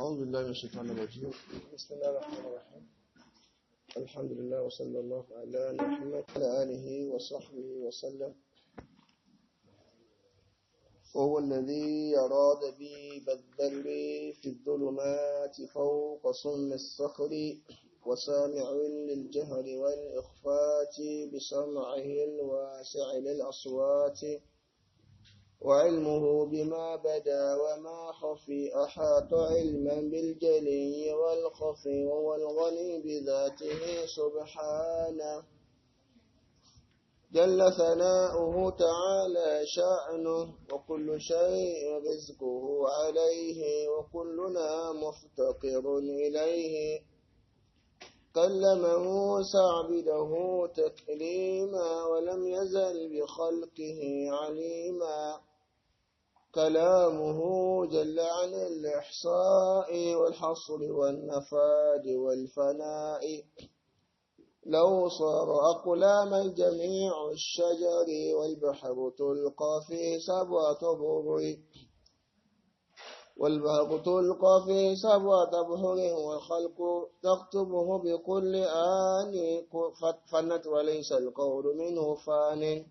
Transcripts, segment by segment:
أعوذ بالله من الشيطان الرجيم بسم الله الرحمن الرحيم الحمد لله وصلى الله على محمد وعلى آله وصحبه وسلم وهو الذي أراد بي بالذل في الظلمات فوق صم الصخر وسامع للجهر والإخفات بسمعه الواسع للأصوات وعلمه بما بدا وما خفي أحاط علما بالجلي والخفي الغني بذاته سبحانه جل ثناؤه تعالى شأنه وكل شيء رزقه عليه وكلنا مفتقر إليه كلم موسى عبده تكليما ولم يزل بخلقه عليما كلامه جل عن الإحصاء والحصر والنفاد والفناء لو صار أقلام الجميع الشجر والبحر تلقى في سبعة بر والبحر تلقى في سبعة بحر والخلق تكتبه بكل آن فنت وليس القول منه فان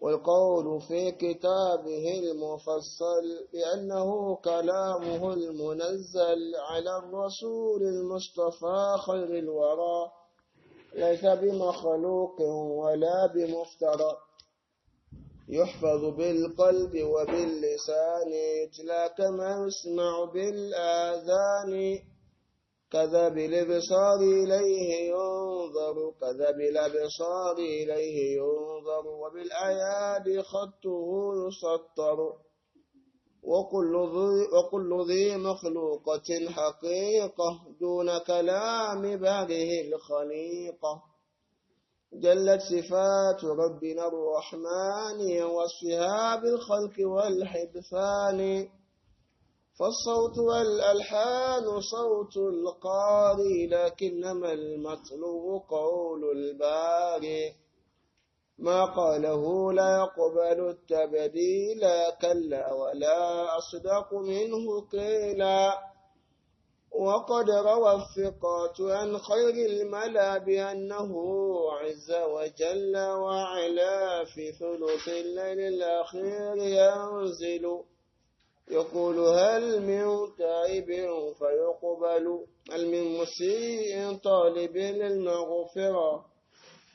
والقول في كتابه المفصل بأنه كلامه المنزل على الرسول المصطفى خير الورى ليس بمخلوق ولا بمفترى يحفظ بالقلب وباللسان لا كما يسمع بالآذان كذا بالابصار اليه ينظر كذا بالابصار اليه ينظر وبالاياد خطه يسطر وكل ذي, وكل ذي مخلوقة حقيقة دون كلام باره الخليقة جلت صفات ربنا الرحمن وصفها بالخلق والحدثان فالصوت والألحان صوت القاري لكنما المطلوب قول الباري ما قاله لا يقبل التبديل كلا ولا أصدق منه قيلا وقد روى الثقات عن خير الملا بأنه عز وجل وعلا في ثلث الليل الأخير ينزل يقول هل من تائب فيقبل هل من مسيء طالب للمغفرة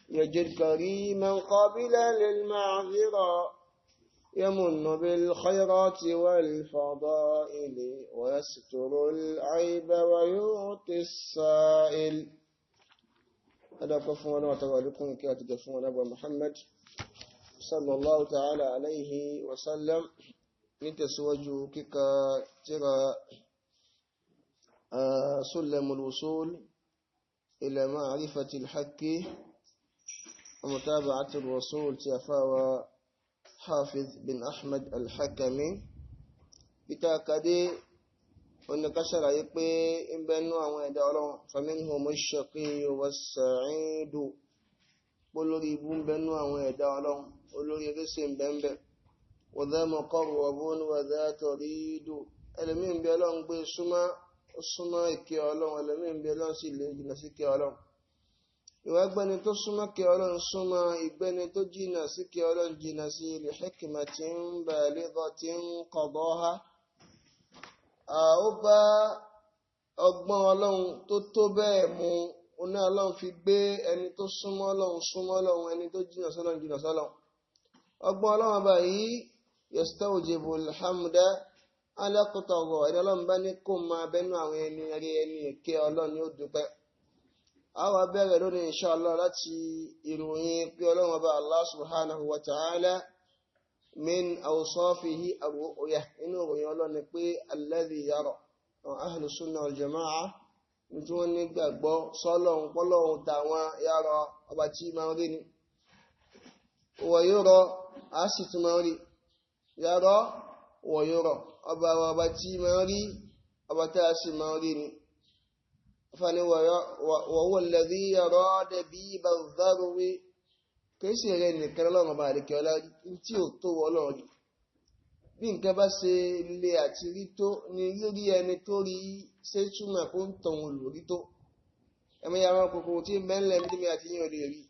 يجد كريما قابلا للمعذرة يمن بالخيرات والفضائل ويستر العيب ويعطي السائل هذا كفونا وتوالكم كاتب محمد صلى الله تعالى عليه وسلم نتسوجو كيكا تيغا آه، سلم الوصول إلى معرفة الحق ومتابعة الوصول تيفاوى حافظ بن أحمد الحكمي بتاكدي ونكسر يبي إبنو أو إدارو فمنهم الشقي والسعيد قولوا لي بوم بنو أو إدارو قولوا لي بنبه wọ́dá mọ̀kọ́rù ọ̀bùn wọ́dá tọ̀rí ìdù ẹlẹ́mí ń bẹ ọlọ́run gbé súnmọ́ ìkẹ́ ọlọ́run ẹlẹ́mí ń bẹ ọlọ́run sì lè jìnà sí kẹ́ ọlọ́run ìwà gbẹni tó súnmọ́ kẹ́ ọlọ́run súnmọ́ ìgbẹni tó jìnà sí kẹ́ ọlọ́run jìnà sí ilẹ̀ hekima tí ń bẹ̀ lẹ́gọ́ tí ń kọ̀bọ́ ha ó bá ọgbọ́n ọlọ́run tó tó bẹ́ẹ̀ mu oní ọlọ́run fi gbé ẹni tó súnmọ́ ọlọ́run súnmọ́ ọlọ́run ẹni tó jìnà jìnà ọgbọ́n ọlọ́run yìí yastawjibu alhamda alákòtọ̀rọ̀ ẹni ọlọ́run bá ní kó máa bẹnu àwọn ẹni rí ẹni ya ọlọ́run ni ó dúpẹ́. àwọn abẹ́rẹ́ lónìí insha Allah láti ìròyìn pé subhanahu wa ta'ala min awsafihi ar-ru'ya inú ìròyìn ọlọ́run pé alladhi yara ahlu jama'a ni. yàrá wọ̀yọ̀rọ̀ ọba àwọn ọba tí máa rí ọba tá a sì máa rí ni fani wọ̀wọ̀ lẹ́rí yàrá dẹ̀bí ibà záruwé kèésì rẹ̀ nìkan lọ́rùn ọba àdìkẹ́ ọlárí tí ò tó wọ́ lọ́rùn rí bí nǹkan bá ṣe le àti rí tó ni rírí ẹni tó rí ṣé túmọ̀ kó ń tọ̀hún lórí tó ẹ̀mí yàrá kòkòrò tí mẹ́lẹ̀ ní mi àti yín ò lè rí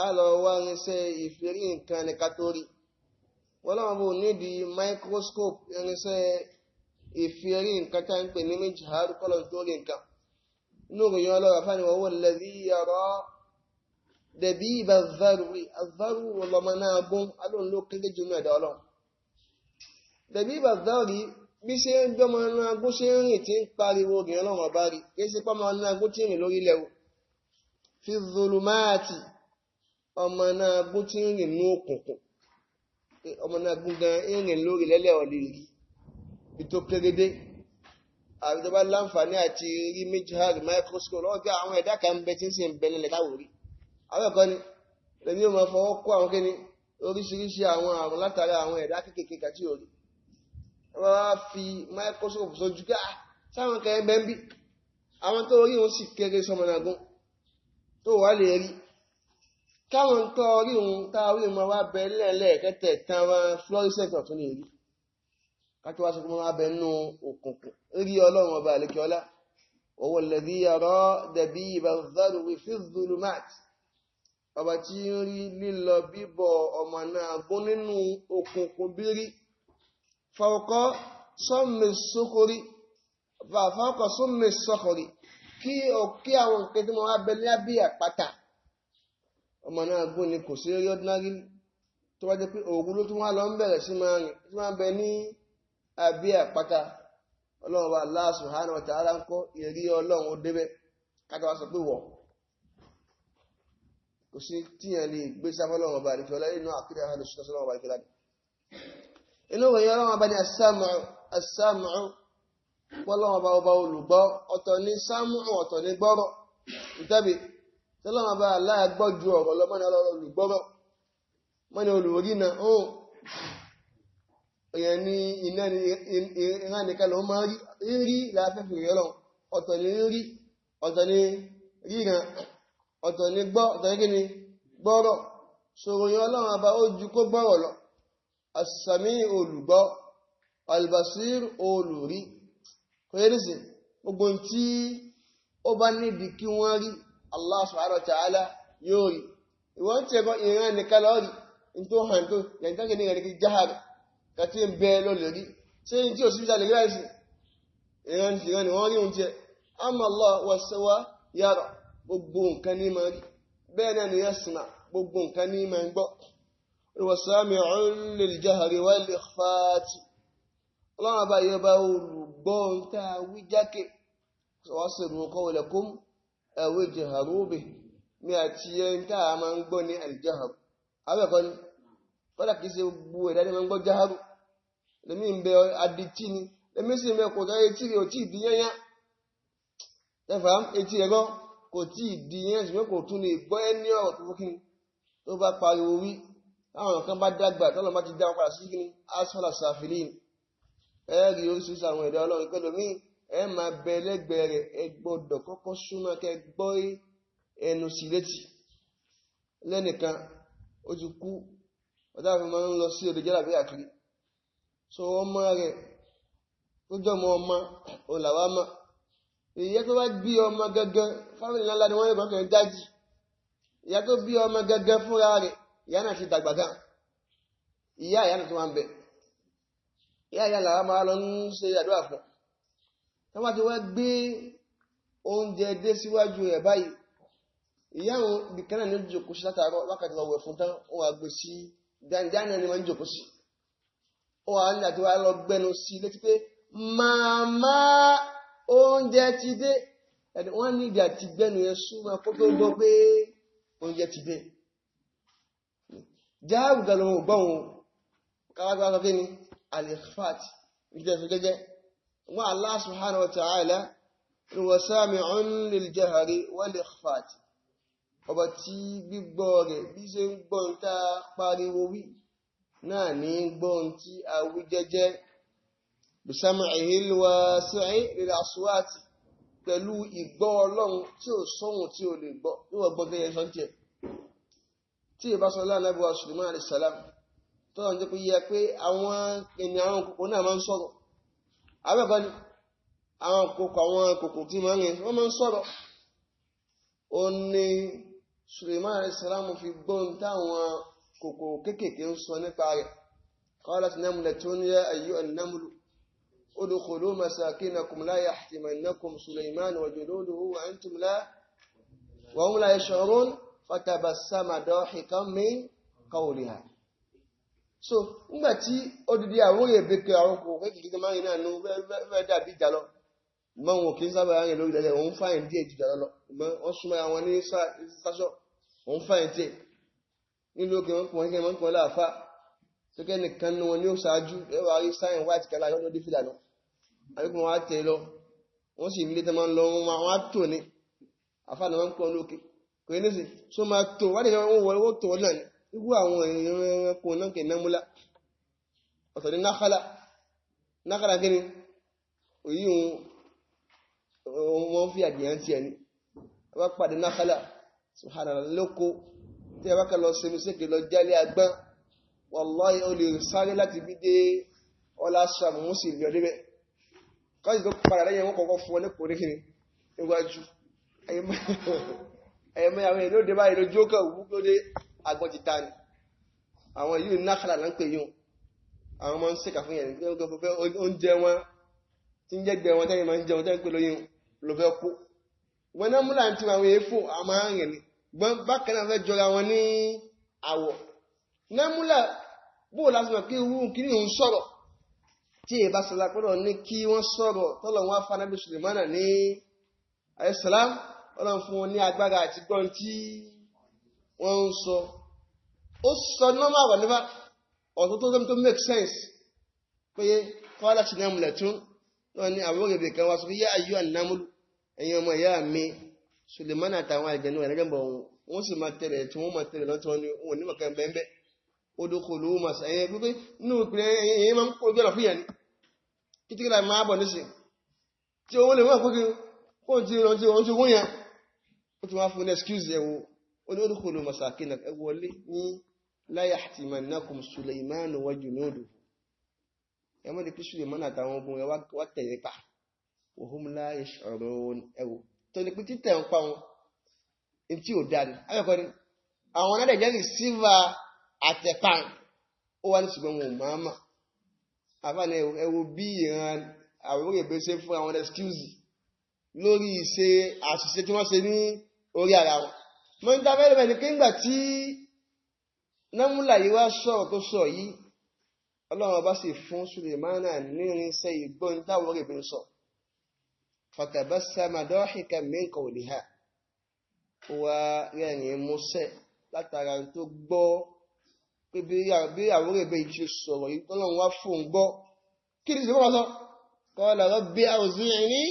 a lọ wá irinṣẹ́ ìfẹ́rí nǹkan nìkan tó rí ọlọ́run bò nídìí microscope irinṣẹ́ ìfìrí nǹkan tá ń pè ní méjì àárú nka tó rí nǹkan inú ìròyìn ọlọ́run afáàní wọ́n wọ́n lẹ́rí ọ̀rọ̀ dẹ̀bí ibà zaruri azaru ọlọ́mọ náà gún alóhùn ló kéré jù mẹ́ẹ̀dá ọlọ́run dẹ̀bí ibà zaruri bí ṣe ń gbọ́mọ náà gún ṣe ń rìn tí ń pariwo fi zulumaati ọmọ náà gún tí ń rìn ọmọ náà gúngan ìrìn lórí lẹ́lẹ̀ ọ̀lẹ́rí ìtò pérébé àbíjọba láǹfààní àti rí major microscope lọ́gá àwọn ẹ̀dá kan bẹ tí ń sì ń bẹ lẹ́lẹ̀ táwòrí àwẹ̀kọ́ ni lẹ́bí ó máa fọwọ́ kó àwọn kíni oríṣiríṣi àwọn àrùn látara àwọn ẹ̀dá kéékèèké kàtí òrí wọ́n wá fi microscope sójú ká ah, sáwọn kẹrin bẹ́ẹ̀ bí àwọn tó rí òun sì kéré sọmọ náà gún tó wà lè rí káwọn nǹkan orí òun tá a rí mọ wá bẹ lẹ́ẹ̀lẹ́ẹ̀kẹ́tẹ̀ tán wọn florisent ọ̀tún ní èrí kátó wá sọ pé wọn wá bẹ nínú òkùnkùn rí ọlọ́run ọba àlekè ọlá owó lẹ́bí ọ̀rọ̀ dẹ̀bí ìbàzọ́rù wífí zulumat ọba tí ń rí lílọ bíbọ̀ ọmọ náà gún nínú òkùnkùn bírí fọwọ́kọ́ sọ́mi sókórí fọwọ́kọ́ sọ́mi sọ́kórí kí àwọn nǹkan tí wọ́n bẹ ní abí àpáta ọmọ náà ni kò sí lórí ordinary tó wá jẹ́ pé òògùn ló tún wá lọ ń bẹ̀rẹ̀ sí máa bẹ ní abẹ́ àpáta ọlọ́run wa Allah subhanahu wa ta'ala ń kọ́ ìrí ọlọ́run ó débẹ̀ sọ pé wọ̀ kò tọ́lọ́mà bá aláàgbọ́ ju ọ̀rọ̀ lọ mọ́ni olùgbọ́rọ̀ mọ́ni olùrínà oòrùn èyàn ní iná ìran nìkan lọ máa rí láàfẹ́fẹ́ ìrọ̀lọ́n ọ̀tọ̀ ní rí ọ̀tọ̀ ní ríran ọ̀tọ̀ ní gbọ́ ọ̀tọ̀ ní ní gbọ́rọ̀ sòròyìn ọlọ́run àbá ó ju kó gbọ́rọ̀ lọ àsàmì olùgbọ́ albasir olùrí kò yẹ́ nísìn rí Allah subhanahu wa ta'ala yóò rí ìwọ́n tí ẹgbọ́n ìran nìkan lọ rí ní tó hàn tó yẹ̀ntọ́kì ní ẹ̀rẹ́kì jáhàrì kàtí ń bẹ́ẹ̀ lọ lè rí ṣé ní tí òṣìṣẹ́ lè ráì sí ìran ìran ni wọ́n rí oúnjẹ amma Allah wàṣẹwà yàrá gbogbo nǹkan ní máa rí bẹ́ẹ̀ náà ni yasma gbogbo nǹkan ní máa ń gbọ́ ìwọ̀sàmì ọ̀rùnlẹ̀ jáhàrì wà lè fàátì ọlọ́run àbáyọ bá olùgbọ́ ń tá a wí jákè wọ́n sì ẹ̀wọ́ ìjẹ̀hàrú òbí mi àti ẹni tí a máa ń gbọ́ ní àìjẹ̀hàrú abẹ́ẹ̀kọ́ ni kọ́dà kìí ṣe gbogbo ẹ̀dá ni máa ń gbọ́ jẹ́hàrú lèmi ń bẹ adití ni lèmi sì ń bẹ kò tó etí rẹ̀ ò tí ì di yányá ẹ̀fà etí rẹ̀ gan kò tí ì di yányá ṣùgbọ́n kò tún lè gbọ́ ẹni ọ̀rọ̀ tó fún tó bá pariwo wí táwọn kan bá dàgbà tọ́lọ́ bá ti dá wọn padà sí kí ni asọ́là sàfìlì ẹ̀ẹ́rì oríṣiríṣi àwọn ẹ̀dá ọlọ́run pẹ̀lú míì ẹ máa bẹ lẹ́gbẹ̀ẹ́ rẹ̀ ẹ gbọ́dọ̀ kọ́kọ́ súnmọ́ kẹ́ gbọ́ ẹnu sí létí lẹ́nìkan ó ti kú ọ̀dá àfi máa ń lọ sí odò jẹ́lá bíyà kiri so ọmọ rẹ̀ tó jọmọ ọmọ òlàwà mọ́ ìyá tó bá bí ọmọ gangan fámìlì ńlá ni wọ́n yóò kàn dájì ìyá tó bí ọmọ gangan fúnra rẹ̀ ìyá náà ti dàgbà gan ìyá ìyá náà tó wà ń bẹ ìyá ìyá làwọn máa lọ ń ṣe àdúrà fún tó bá ti wá gbé oúnjẹ dé síwájú rẹ̀ báyìí ìyáwó bìkánà ní jòkó sí látàárọ̀ wákàtí lọ wẹ̀ fún tán ó wà gbé sí dáadáa ni wọ́n ń jòkó sí ó wà ní àti wá lọ gbẹnu sí létí pé màmá oúnjẹ ti dé ẹni wọ́n ní ìdí àti gbẹnu yẹn súnmọ́ kó tó gbọ́ pé oúnjẹ ti dé jáàbù ganan ò gbọ́n o káwá gbọ́n kí alifat ìdí ẹ̀sùn wọn Allah subhanahu wa ta'ala ni wọ́n sami'un lil jahri wal ikhfati ọba tí gbígbọ́ rẹ̀ bí ṣe ń gbọ́ ń tá pariwo wí náà ní gbọ́ ń tí a wí jẹ́jẹ́ bisam'ihi al-wasi'i lil aswati pẹ̀lú ìgbọ́ ọlọ́run tí ò sọ́hun tí ò lè gbọ́ níwọ̀n gbọ́ gẹ́gẹ́ sọ́ńtẹ̀ tí ìbásọ́lá anábíwá Sulaiman alayhi salam tọ́lọ́ ń jẹ́ pé yẹ pé àwọn ènìyàn àwọn òkùnkùn náà máa ń sọ̀rọ̀ abẹ́kọ́ ni àwọn kòkò àwọn kòkò tí máa ń yẹn wọ́n máa ń sọ̀rọ̀ ó ní Suleiman alayisalamu fi gbóhùn táwọn kòkò kéékèèké ń sọ nípa rẹ̀ qalat namlatun ya ayyuhan namlu udkhulu masakinakum la yahtimannakum Suleiman wa juluduhu wa antum la wa hum la yash'urun fatabassama dahikan min qawliha so nígbà tí odidi àwọn òye bèkè àwọn kò kékeré tó máa ń yìn náà nù fẹ́ẹ́ dàbí ìjà lọ mọ wọn kì í sábà yìn lórí lẹ́lẹ̀ òun fáyìn díẹ̀ jù jàlọ lọ wọ́n súnmọ́ àwọn ní sáṣọ òun fáyìn díẹ̀ nílùú òkè wọn kò wọ́n kí wọ́n kí wọ́n láàfà tókẹ́ nìkan ni wọn ní ó ṣáájú ẹwà rí sáyìn white kẹlá yọ́nà dé fìlà lọ àbíkún wọn á tẹ̀ lọ wọ́n sì ilé tẹ́mọ́ lọ wọn á tò ní àfáà ni wọ́n ń pọ̀ lókè kò yẹ ní sí so máa tò wọ́n irú àwọn ìran ẹranko náà kẹ námúlá ọ̀tọ̀ ní nákàlá nákàlá kí ni òyí wọn fi àdìyàn tí ẹni wá pàdé nákàlá subhanallah lóko tí a bá kà lọ sinmi sékè lọ jálé agbọ́n wallahi o lè sáré láti bí dé ọlá sàmù mú sí ìlú débẹ̀ kọ́sì tó padà lẹ́yìn wọn kọ̀ọ̀kan fún ọ ní kòrí kiri níwájú ẹ̀yẹ́mẹ́yàwó ẹ̀ ló dé báyìí lójú ó kà wú ló dé agbọ́jìta ni àwọn ìlú nákàlà là ń pè yóò àwọn ọmọ ń ṣèkà fún yẹn oúnjẹ wọn tí ń jẹ́gbẹ́ wọn tẹ́yìn máa ń jẹun tẹ́yìn pé lóyún ló fẹ́ kú wọn náà múlà tí àwọn èèfò àmọ́ àrìn ni gbọ́n bákan náà fẹ́ jọra wọn ní àwọ̀ náà múlà bóò láti mọ̀ pé irú kìíní òun sọ̀rọ̀ tí èyí bá sọ̀rọ̀ pẹ́lú ní kí wọ́n sọ̀rọ̀ tọ́lọ̀ wọn afá nábì Sùlẹ̀mánà ní àyẹ̀sàlám ọlọ́run fún wọn ní agbára àti gbọ́n tí wọ́n ń sọ ó sọ nọ́mà wà nípa tó make sense pé kọ́lá sí náà múlẹ̀ tún wọ́n ní àwọn òrèbè kan wá sọ pé yá ayú ànámúlù ẹ̀yin ọmọ ìyá mi Suleiman àtàwọn àjẹnú ẹ̀rẹ́gẹ̀ bọ̀ wọn wọ́n sì máa tẹ̀rẹ̀ tí wọ́n máa tẹ̀rẹ̀ lọ́tọ́ ni wọn ní mọ̀kàn bẹ́ẹ̀ odò kò lówó màá sẹ́yìn pípé nínú ìpínlẹ̀ ẹ̀yìn máa ń kó ojú ọ̀nà fún yẹn ni kítíkì láì máa bọ̀ níṣẹ́ tí owó lè mọ̀ pé kí wọ́n ti olórúkúlù masakina ẹ wọlé ní la yahtimannakum Suleiman wa junuduhu ẹ mọ́ di pé Suleiman àtàwọn ogun ẹ wá tẹ̀lé pa wa hum la yash'urun ẹwọ tó ní pé títẹ̀ ń pa wọn ibi tí ò dáa ni akẹ́kọ̀ọ́ ni àwọn aládẹ̀jẹ́ ní sílva àtẹ̀pàn ó wá ní ṣùgbọ́n wọn ò máa mà àbáni ẹwọ bí ìran àwọn òyìnbó ṣe fún àwọn excuse lórí ìṣe àṣìṣe tí wọ́n ṣe ní orí ara wọn mo ń dábẹ́ lẹ́bẹ̀ẹ́ ni pé ńgbà tí námúlà yìí wá sọ̀rọ̀ tó sọ yìí ọlọ́run ọba sì fún sulemana nírinṣẹ́ ìgbọ́n táwọn rèébi ń sọ fatabassama dọ́ọ̀ṣìkà min qawliha ó wá rẹ́rìn-ín músẹ́ látara tó gbọ́ pé bí àwọn rèébi ti sọ̀rọ̀ yìí tọ́lọ́run wá fún gbọ́ kí ni ìṣèlú wọn sọ qala rabbi awzi'ni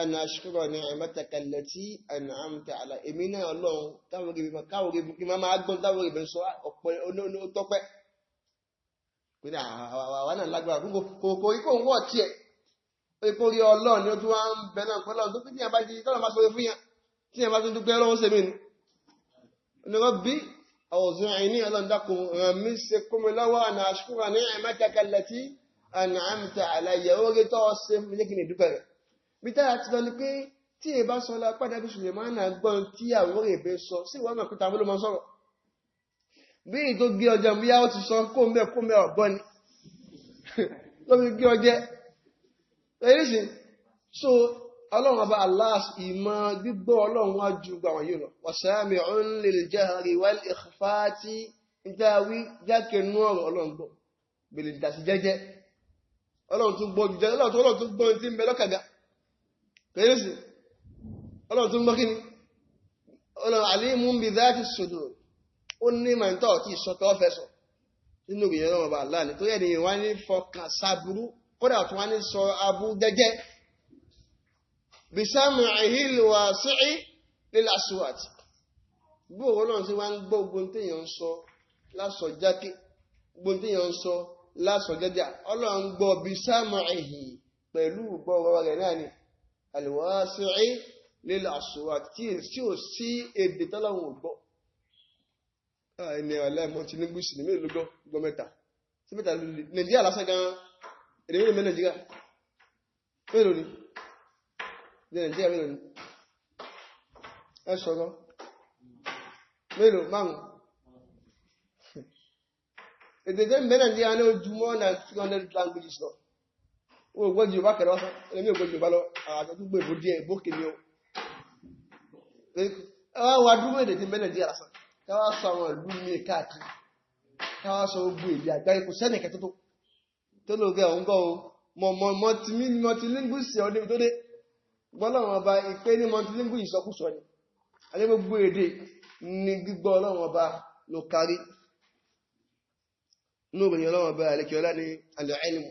ana aṣọ́rọ̀ ní ẹ̀mẹ́tẹ̀kẹ́ lẹ́tí ẹ̀nà àmì àlà èmi náà ọlọ́run táwọn ògèbè máa káwọn ògèbè kí máa gbọ́n táwọn ògèbè sọ ọ̀pọ̀ onótọ́pẹ́ pé àwa náà lágbára fún kòkó ikú òun wọ̀ tiẹ̀ ikú rí ọlọ́run ni ó tún wá ń bẹ náà pẹ́ lọ́run tó pé tíyẹn bá ti tọ́lọ́ bá sọ̀rọ̀ fún yẹn tíyẹn bá tún dúpẹ́ ọlọ́run ṣe ni. onírọ́ bí ọ̀sùn àìní ọlọ́run dákun ràn mí ṣe kó mi lọ́wọ́ àná aṣọ́rọ̀ ní ẹ̀mẹ́tẹ̀kẹ́ lẹ́tí ẹ̀nà àmì àlà ìyẹ̀wò bí tára ti lọ ni pé tí èbá sọ lọ padà bí Sùlẹ̀mánà gbọ́n tí àwọn èbè sọ sí ìwọ́n mẹ́kúta àwọn olómọ sọ̀rọ̀ bí èyí tó gé ọjà bóyá ó ti sọ kóńbẹ́ kóńbẹ́ ọ̀gbọ́n ni ló fi gé ọjẹ́ èyí sì so ọlọ́run ọba aláàs ìmọ̀ gbígbọ́ ọlọ́run wá ju gbà wọ̀nyí lọ wàsáàmì ọ̀hún lè jahari wal ikhfati ìdáwí jákènú ọ̀rọ̀ ọlọ́run gbọ́ bèlè dàsí jẹ́jẹ́ ọlọ́run tún gbọ́ ju jẹ́ ọlọ́run tún gbọ́ ti ń bẹ lọ́kàgá kẹ́yọ́sì ọlọ́run tún gbọ́ kí ni ọlọ́run alimu bi dhati sudur ó ní màntọ́ tí ìsọ̀tọ̀ fẹsọ̀ nínú ìyẹn náà bá láàánú tó yẹ ni wọ́n ní fọkàn sábúrú kódà tí wọ́n ní sọ abú jẹ́jẹ́ bisamu ihil wa si'i lil aswat bí òun náà sí wá ń gbọ́ ogun ń sọ lásọ jákè ń sọ lásọ àlùwàsíì lílà àṣùwà tí ò sí èdè tọ́láwọn ò gbọ́ ẹni ọ̀lẹ́mọ ti ní gúúsù ní mélòó gbọ́ gbọ́ mẹ́ta sí mẹ́ta lórí nàìjíríà lásán gan èdè mélòó mẹ́ nàìjíríà mélòó ni ní nàìjíríà mélòó ni ẹ sọ̀rọ̀ mélòó márùn èdè tó ń bẹ nàìjíríà ní ojúmọ́ na 200 languages lọ wọ́n gbọ́ Yorùbá kẹrọ ọ̀sán ẹni mi ò gbọ́ Yorùbá lọ́wọ́ àjọ tó gbé ìbòdí ẹ̀ ìbókè ni ó ẹwà wà dúró èdè tí mẹ́lẹ̀ díẹ̀ lásán káwà sọ àwọn ìlú mi káàkiri káwà sọ ogun èdè àgbáyé kò sẹ́nì kẹtọ́ tó tó lò gẹ gọ́ o mọ̀ multilinguist ọ̀ débi tó dé gbọ́lọ́wọ́n ọba ìpé ní multilinguist ìsọkúsọ ni alẹ́ gbogbo èdè ní gbígbọ́ ọlọ́wọ́n ọba ló kárí ní obìnrin ọlọ́wọ́n ọba àlekíọlá ní alẹ́ ẹlẹ́mù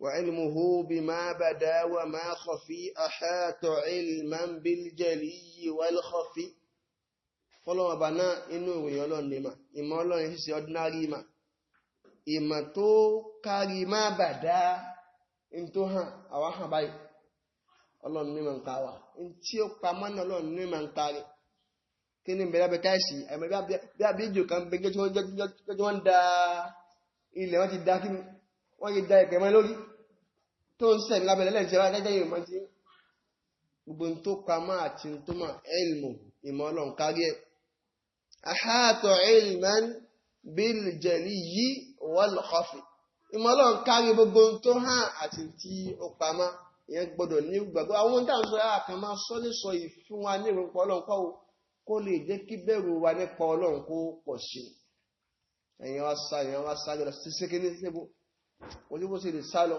وعلمه بما بدا وما خفي أحاط علما بالجلي والخفي fọlọ́wọ́ ọba náà inú ìròyìn ọlọ́run ni mà ìmọ̀ ọlọ́run ṣíṣe ordinary mà ìmọ̀ tó kárí má bàdá ní tó hàn àwa hàn báyìí ọlọ́run ní mà ń káwà ní tí ó pamọ́ náà ọlọ́run ní mà ń kárí kí ni bẹ̀rẹ̀ bẹ káìsì àmì bí àbíjò kan bẹ kí wọ́n da ilẹ̀ wọ́n ti da kí ni wọ́n yé da ẹ̀pẹ̀ mọ́ lórí tó ń sẹ̀mí lábẹ́lẹ́ lẹ́jẹ́ wá lẹ́jẹ́ yìí mọ́ sí gbogbo tó pamọ́ àti tó mọ̀ ẹ̀lmù ìmọ̀ ọlọ́run kárí ẹ̀ ahátọ̀ ẹ̀lmán bil jaliyyi wal khafi ìmọ̀ ọlọ́run kárí gbogbo tó hàn àti tí ó pamọ́ ìyẹn gbọ́dọ̀ ní gbàgbọ́ àwọn tá à ń sọ máa sọ lè sọ yìí fún wa ní ìròpọ̀ ọlọ́run kọ́ o kó lè jẹ́ kí bẹ̀rù wa nípa ọlọ́run kó pọ̀ sí i ẹ̀yin wa sá lọ sí sékéńdé síbo ojú bó ṣe lè sá lọ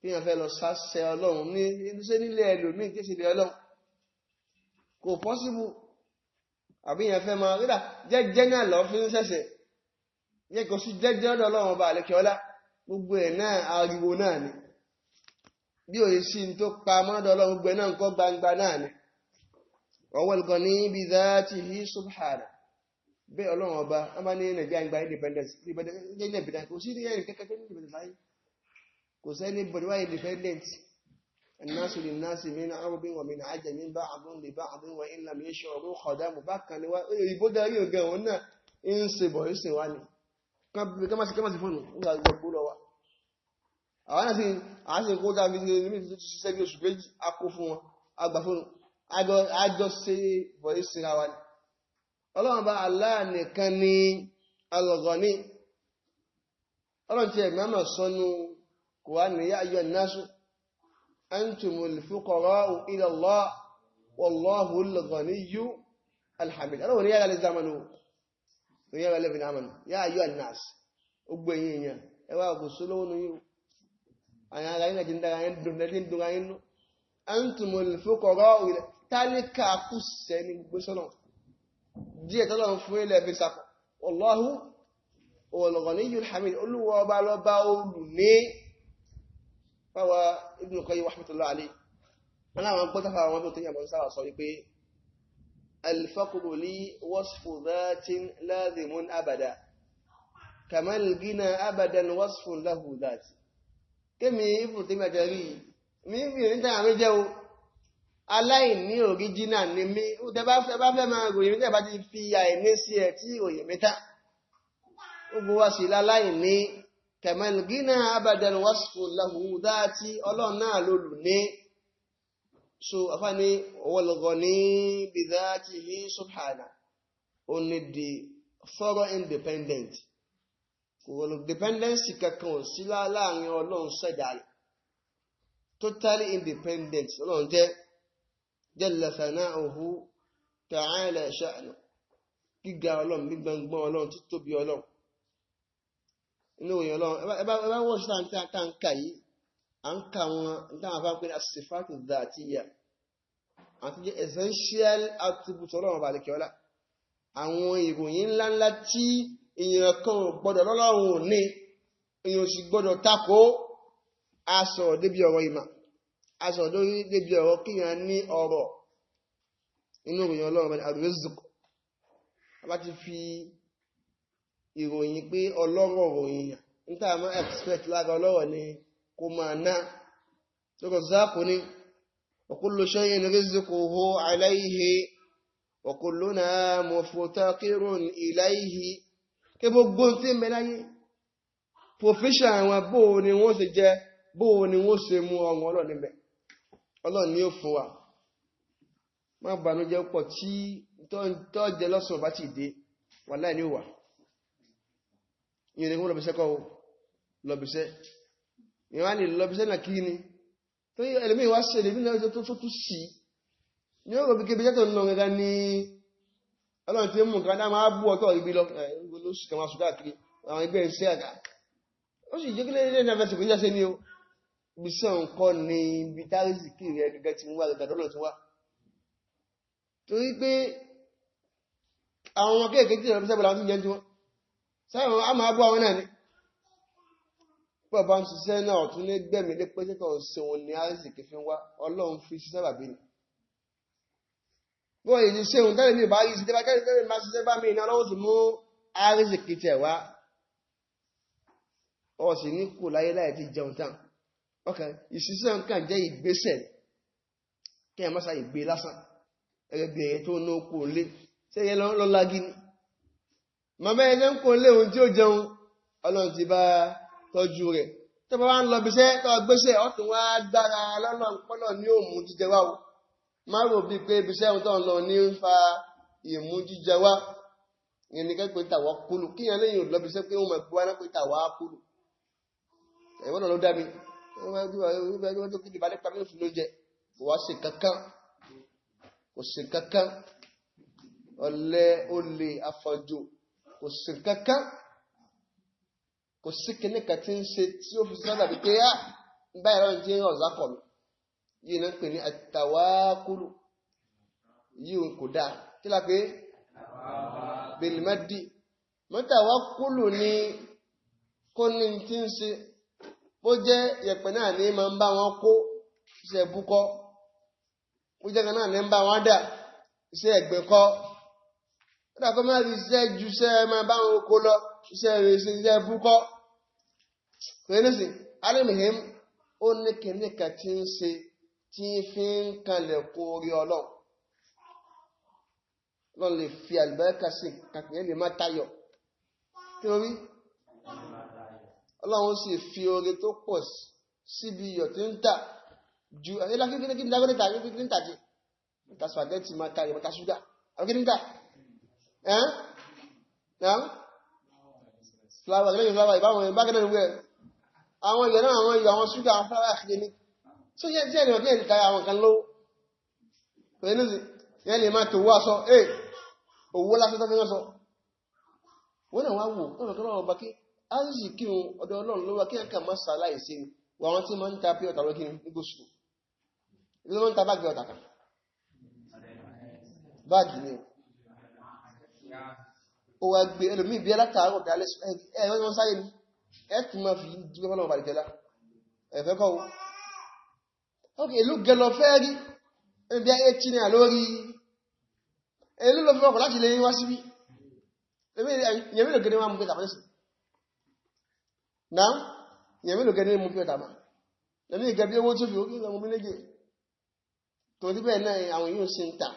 kí èèyàn fẹ́ lọ sáṣẹ ọlọ́run ní ṣé nílé ẹlòmíì kí ṣe lè ọlọ́run kò pọ́síbù àbí èèyàn fẹ́ máa rídà jẹ́jẹ́ náà lọ fi ń ṣẹ̀ṣẹ̀ yẹ kò sí jẹ́jẹ́ ọ̀dọ̀ ọlọ́run ọba àlẹ́kẹ́ ọlá gbogbo ẹ̀ náà ariwo náà ni bí òye sí ní tó pa mọ́dọ̀ ọlọ́run gbẹ náà nǹkan gbangba náà ni ọwọ́ ìkànnì ibi dáa ti subhana bẹ́ẹ̀ ọlọ́run ọba wọ́n bá ní nàìjíríà ń gba independence independence kò sí ẹni kẹ́kẹ́ tó ní independence الناس للناس من عرب ومن عجم بعض لبعض وإن لم يشعروا خدام bákan ni wá ìbò darí ọ̀gá wọn náà ń ṣe bọ̀ ń ṣe wá ní kọ́mọ̀sí fóònù nígbà gbogbo lọ wa àwọn àti àti kó dáa bíi ní ti ṣiṣẹ́ bí oṣù méjì akó fún wọn agbà fóònù bọ̀ ń wa ní ọlọ́run bá Allah nìkan ni alọ̀gọ̀ní ọlọ́run ti ẹ̀gbẹ́ mọ̀ sọ́nu kò wá ní yáyọ náṣù antumul fuqara'u ila Allah wallahu al-ghaniyyu al-hamid ọlọ́run ni yára lè zamanu ni yára lè bin amanu yáyọ náṣù ogbó yìí yẹn ẹwà kò sólówó nu yìí sẹ́ni gbogbo sọ́nà díẹ̀ tọ́lọ́run fún ilẹ̀ fi sapọ̀ wallahu al-ghaniyyul hamid olúwa ọba lọ́ba olù ní fáwa Ibn Qayyim rahmatullahi alayhi wọn láwọn gbọ́ta fáwọn wọn tó tẹ́yà bọ́ sáwà sọ wípé al-faqru li wasfu dhatin rí mi ń fi ìrìntàn àmì jẹun aláìní original ni mí tẹ bá fẹ́ bá fẹ́ máa ròyìn tẹ bá ti fi àìní sí ẹ tí òye mi tà gbogbo wa sì láláìní kẹmẹlùgínà abadan wasfu lahu dáàtì ọlọ́run náà ló lù ní so afáàní ọwọlọgọ ní bidáàtì ní subhana ó ní thorough independent kò dependency kankan sí láàárín ọlọ́run sẹdá totally independent ọlọ́run jẹ́ jalla sana'uhu ta'ala sha'nu gíga ọlọ́run gbígbọ́n ọlọ́run títóbi ọlọ́run inú òyìn ọlọ́run ẹbá wọ́n ṣe tá ń kà yìí à ń kà wọn dáhùn bá pé asifatu dhatiya àti jẹ́ essential attributes ọlọ́run balẹ̀kẹ́ ọlá àwọn ìròyìn ńláńlá tí èèyàn kan gbọ́dọ̀ lọ́lọ́run ò ní èèyàn ò sì gbọ́dọ̀ tako aṣọ débi ọ̀rọ̀ ìmọ̀ aṣọ lórí débi ọ̀rọ̀ kíyàn ní ọ̀rọ̀ inú ìròyìn ọlọ́run bẹni àrùrẹ́zùk bá ti fi ìròyìn pé ọlọ́rọ̀ ròyìn ní tàà mọ́ expect lára ọlọ́rọ̀ ni kò máa ná ni aláìhe náà ìláìhe kí gbogbo tí ń bẹ profession àwọn bóò ni wọ́n ṣe jẹ bóò ni wọ́n ṣe mú ọmọ níbẹ̀ ọlọ́run ni ó fún wa má bànújẹ́ pọ̀ tí tọ́jẹ lọ́sàn bá ti dé wà láì ní wà ìrìn fún lọ́bìṣẹ́ kọ́ lọ́bìṣẹ́ ìwá ní lọ́bìṣẹ́ náà kí ni tó yí ẹlẹ́mí wá sí ẹlẹ́mí náà tó tó sí ní ó rọ̀bí kébí jẹ́tọ̀ nínú gẹ́gẹ́ ní ọlọ́run tí ó mú nǹkan dáa máa bú ọtọ́ ibi lọ lóṣù kan àgà ó sì jẹ́ kílẹ̀ ní ẹ̀nà fẹ́sì kò ní gbísẹ̀ ǹkọ́ ni ibi tárísì kí rẹ̀ gẹ́gẹ́ ti wá rẹ̀ lọ́nà tó wá torí pé àwọn ọmọ kéèkéé tí ìrọ̀lẹ́ sẹ́bẹ̀lá ń jẹ́jú wọn sáwọn a máa bọ́ àwọn náà ni pọ̀bá ń ṣiṣẹ́ náà ọ̀tún ní gbẹ̀mí lé pé tẹ́kọ̀ ṣe wọn ni àrísì kí fi wá ọlọ́run fi ṣiṣẹ́ bàbí ni bọ́ èyí ṣe òun tẹ́lẹ̀ mi bá rí ṣiṣẹ́ bá tẹ́lẹ̀ bá ṣiṣẹ́ bá mi iná ọlọ́run sì mú àrísì kí tẹ̀ wá ọ̀sìn ní kò láyé láì ọkàn ìṣiṣẹ́ nǹkan jẹ́ ìgbésẹ̀ kí ẹ mọ́sá ìgbé lásán ẹgbẹ̀gbẹ̀ ẹ̀yẹ tó ná okú olé ṣe yẹ lọ́lá gíní màmá ẹ̀yẹ ń kó lé ohun tí ó jẹun ọlọ́run ti bá tọ́jú rẹ̀ tó bá wá ń lọbiṣẹ́ tó gbéṣẹ́ ọ̀tún wá dára lọ́lọ́pọ́lọ́ ní òmù jíjẹ wá o má rò bíi pé ibiṣẹ́ ohun tó ń lọ ní ń fa ìmú jíjẹ wá ìyẹn ní kẹ́kọ̀ọ́ tàwa kúlù kíyàn lẹ́yìn lọbiṣẹ́ pé wọ́n mọ̀ mi wọ́n tó kí ìbálẹ̀ pàmí òfin ló jẹ kò wá ṣe kankan kò ṣe kankan ọ̀lẹ olè afọ́jú kò ṣe kankan kò sí kinní kan tí ń ṣe tí ó fi sọ́dà bí pé á ah, báyìí lọ́nà tí ọ̀zá kọ̀ mi yìí náà ń pè ní àtàwákúrú yìí ń kò dáa kí la pé bèlìmọ́dì mọ́tàwákúrú ni kò ní ti ń ṣe bó jẹ́ yẹ̀pẹ̀ náà ní máa ń bá wọn kó iṣẹ́ búkọ́ bó jẹ́ kan náà ní ń bá wọn dà iṣẹ́ ẹ̀gbẹ́ kọ́ ó dàgbọ́ má rí iṣẹ́ ju iṣẹ́ máa bá wọn kó lọ iṣẹ́ rẹ̀ ṣe iṣẹ́ búkọ́ pẹ̀lúsì alimihim ó ní kìnìkà tí ń ṣe tí fi ń kalẹ̀ kó orí ọlọ́run lọ́n lè fi àlùbáríkà sí kàkìyẹ́ lè má tayọ̀ kí ló rí ọlọ́run sì fi oore tó pọ̀ síbi iyọ̀ tí ń tà ju ẹ̀yẹ́dá kékeré kí n dágbére tà kékeré ń tà jẹ mọ̀tà spaghetti máa ta ìmọ̀tà ṣúgà àwọn kékeré ń tà ẹ́n ẹ́n fúláwà lẹ́yìn fúláwà ìbáwọn ẹ̀ bákẹ́lẹ́ ìwé ẹ̀ àwọn iyọ̀ náà àwọn iyọ̀ àwọn ṣúgà àwọn fúláwà àti ẹni tó yẹ jẹ́ ìrìn ọ̀kẹ́ ìta àwọn kan lówó pẹ̀lú yẹn lè máa tòwó aṣọ ẹ̀ òwó lásán tó fi wọ́n sọ wọ́n náà wá wò ọ̀nà tó lọ́wọ́ bá kí arzikí ohun ọ̀dọ̀ ọlọ́run ló wá kí ẹ̀kà má sàláìsí wà wọ́n tí ma ń ta píọ̀tà lókí ní gúúsù ibi tó ma ń ta báàgì ọ̀tà kan báàgì ni ó wá gbé ẹlòmí bí alákàárọ̀ dálẹ́ ẹ̀rọ wọn sáyé ni ẹ tù máa fi dúró fọ́nà ọ̀bà ìjọlá ẹ̀fẹ́ kọ́ ok ìlú gẹlọ fẹ́ rí ẹni bí ayé chinna lórí ẹlú lọ fẹ́ ọkọ̀ láti lè wá síbí ẹ̀mí ìyẹ̀mí lògede wọn mú pé tàbí náà ìyẹn mélòó kẹ́ ní mú pure water mà ẹ̀mí ìkẹ́ bí owó tó fi òkè ìgbàmú méjèèjì torí bẹ́ẹ̀ náà àwọn yóò ṣe ń tà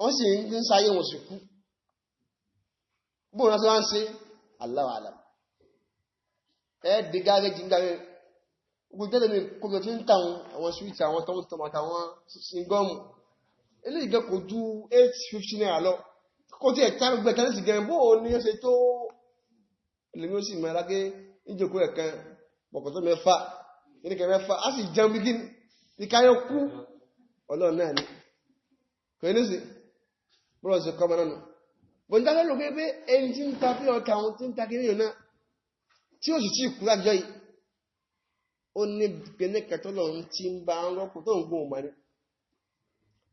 wọ́n sì ń sáyé wọn sì kú bóun náà tó wá ṣe Allahu alam ẹ dé gáréjì ń gbàgbé gbogbo tẹ́lẹ̀ mi kò tó ń tàwọn àwọn sweet àwọn tọ́wọ́ tọ́mọ àtàwọn singọ́mù eléyìí gan kò ju eight fifty naira lọ kó tiẹ̀ tá gbẹ̀tẹ́lẹ́sì gan bó o ní ó ṣe tó ẹlòmí ó sì máa lágé níjòkó ẹ̀kan pọ̀kọ̀tọ́ mẹ́fà níkẹ́ mẹ́fà á sì jẹun bí kíni ìkáyọ̀ kú ọlọ́run náà ni kò ní sí bọ́lọ̀ sí kọ́mọ náà bọ̀ǹda lọ́rọ̀ pé pé ẹni tí ń ta fi ọ̀tà àwọn tí ń ta kú lájọ́ yìí ó ní ni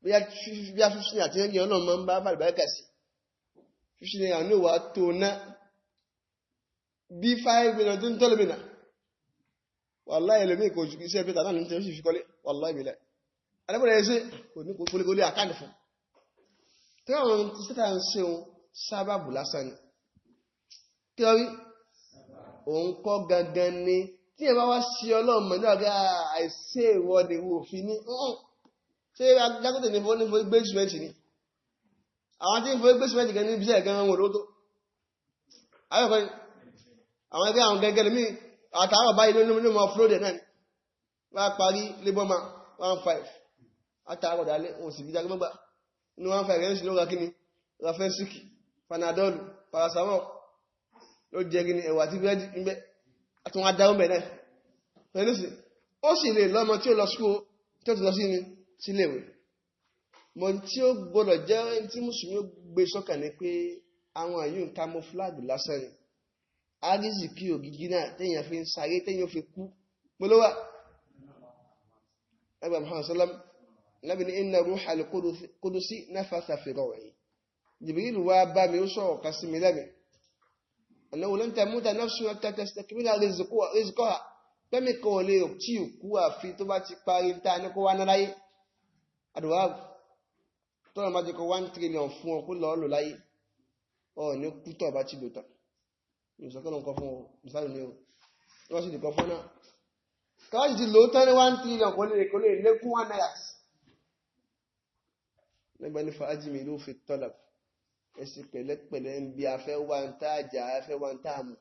bóyá fífi àti ẹ̀yìn ọlọ́run máa ń bá bàbá kà sí fífi ni àwọn ìwà tó náà bí five million tó ń tọ́lẹ̀ mi nà wàláhì ẹlòmíì kò ju iṣẹ́ peter náà ní tẹ́lẹ̀ fi kọ́lé wàláhì mi lẹ̀ alẹ́bọ̀dẹ̀ ẹ ṣe kò ní kólékólé àkáǹtì fún tí àwọn iṣẹ́ tá à ń ṣe òun sábàbù lásán ni kí ọ rí òun kọ́ gangan ni tí ẹ bá wá ṣe ọlọ́mọ ní ọ̀gá àìsí ìwọ́de òfin ní ṣé adágọ́tẹ̀ ní fún fún gbé ṣùmẹ́ǹtì ni àwọn tí ń fún gbé ṣùmẹ́ǹtì gan ní ibi iṣẹ́ gan wọn ò lóto ayọ̀kọ́ ni àwọn ẹgbẹ́ àwọn gẹ́gẹ́ lómi àtàwọn báyìí lónìí mọ́ flóde náà wá parí lébọ́mà 1-5 àtàwọn dalẹ̀ wọn sì bíjà gbọ́gbà ní 1 rẹ̀ ń sì ló ra kíni rafensiki panadol parasamol ló jẹ́ kíni ẹ̀wà àti búrẹ́dì ń bẹ́ àtúnwá dáhùn bẹ̀ náà pẹ̀lú sí ó sì lè lọ́mọ tí ó lọ school camouflage lásán ni arizikí ògìgí náà téèyàn fi ń sáré téèyàn fi kú polówà ẹgbà muhammad sallam lábí ní iná rúhà lè kúrú sí náfàtà fèrọ rẹ̀ jìbìrìlù wá bá mi ó sọ̀rọ̀ kan sí mi lẹ́mi ọ̀nà wò ló ń tẹ múta náfṣù ẹ̀tẹ́ tẹ́sítẹ́ kí wíńdà rizikọ́ ha fẹ́mi kọ́ ò lè tí ì kú àfi tó bá ti parí ń ta ní kó kú tọ̀ bá ti lò tán ìṣọ́kọ́lọ́ nǹkan fún ìsáyò ní wọ́n sì nìkan fún náà káwájì ti lò ó tán ní one trillion kò lè kò lè lékún one naira nígbà ní ló fi tọ́lá ẹsẹ̀ pẹ̀lẹ́pẹ̀lẹ́ ń bi afẹ́ wa ń tá àjà afẹ́ wa ń tá àmù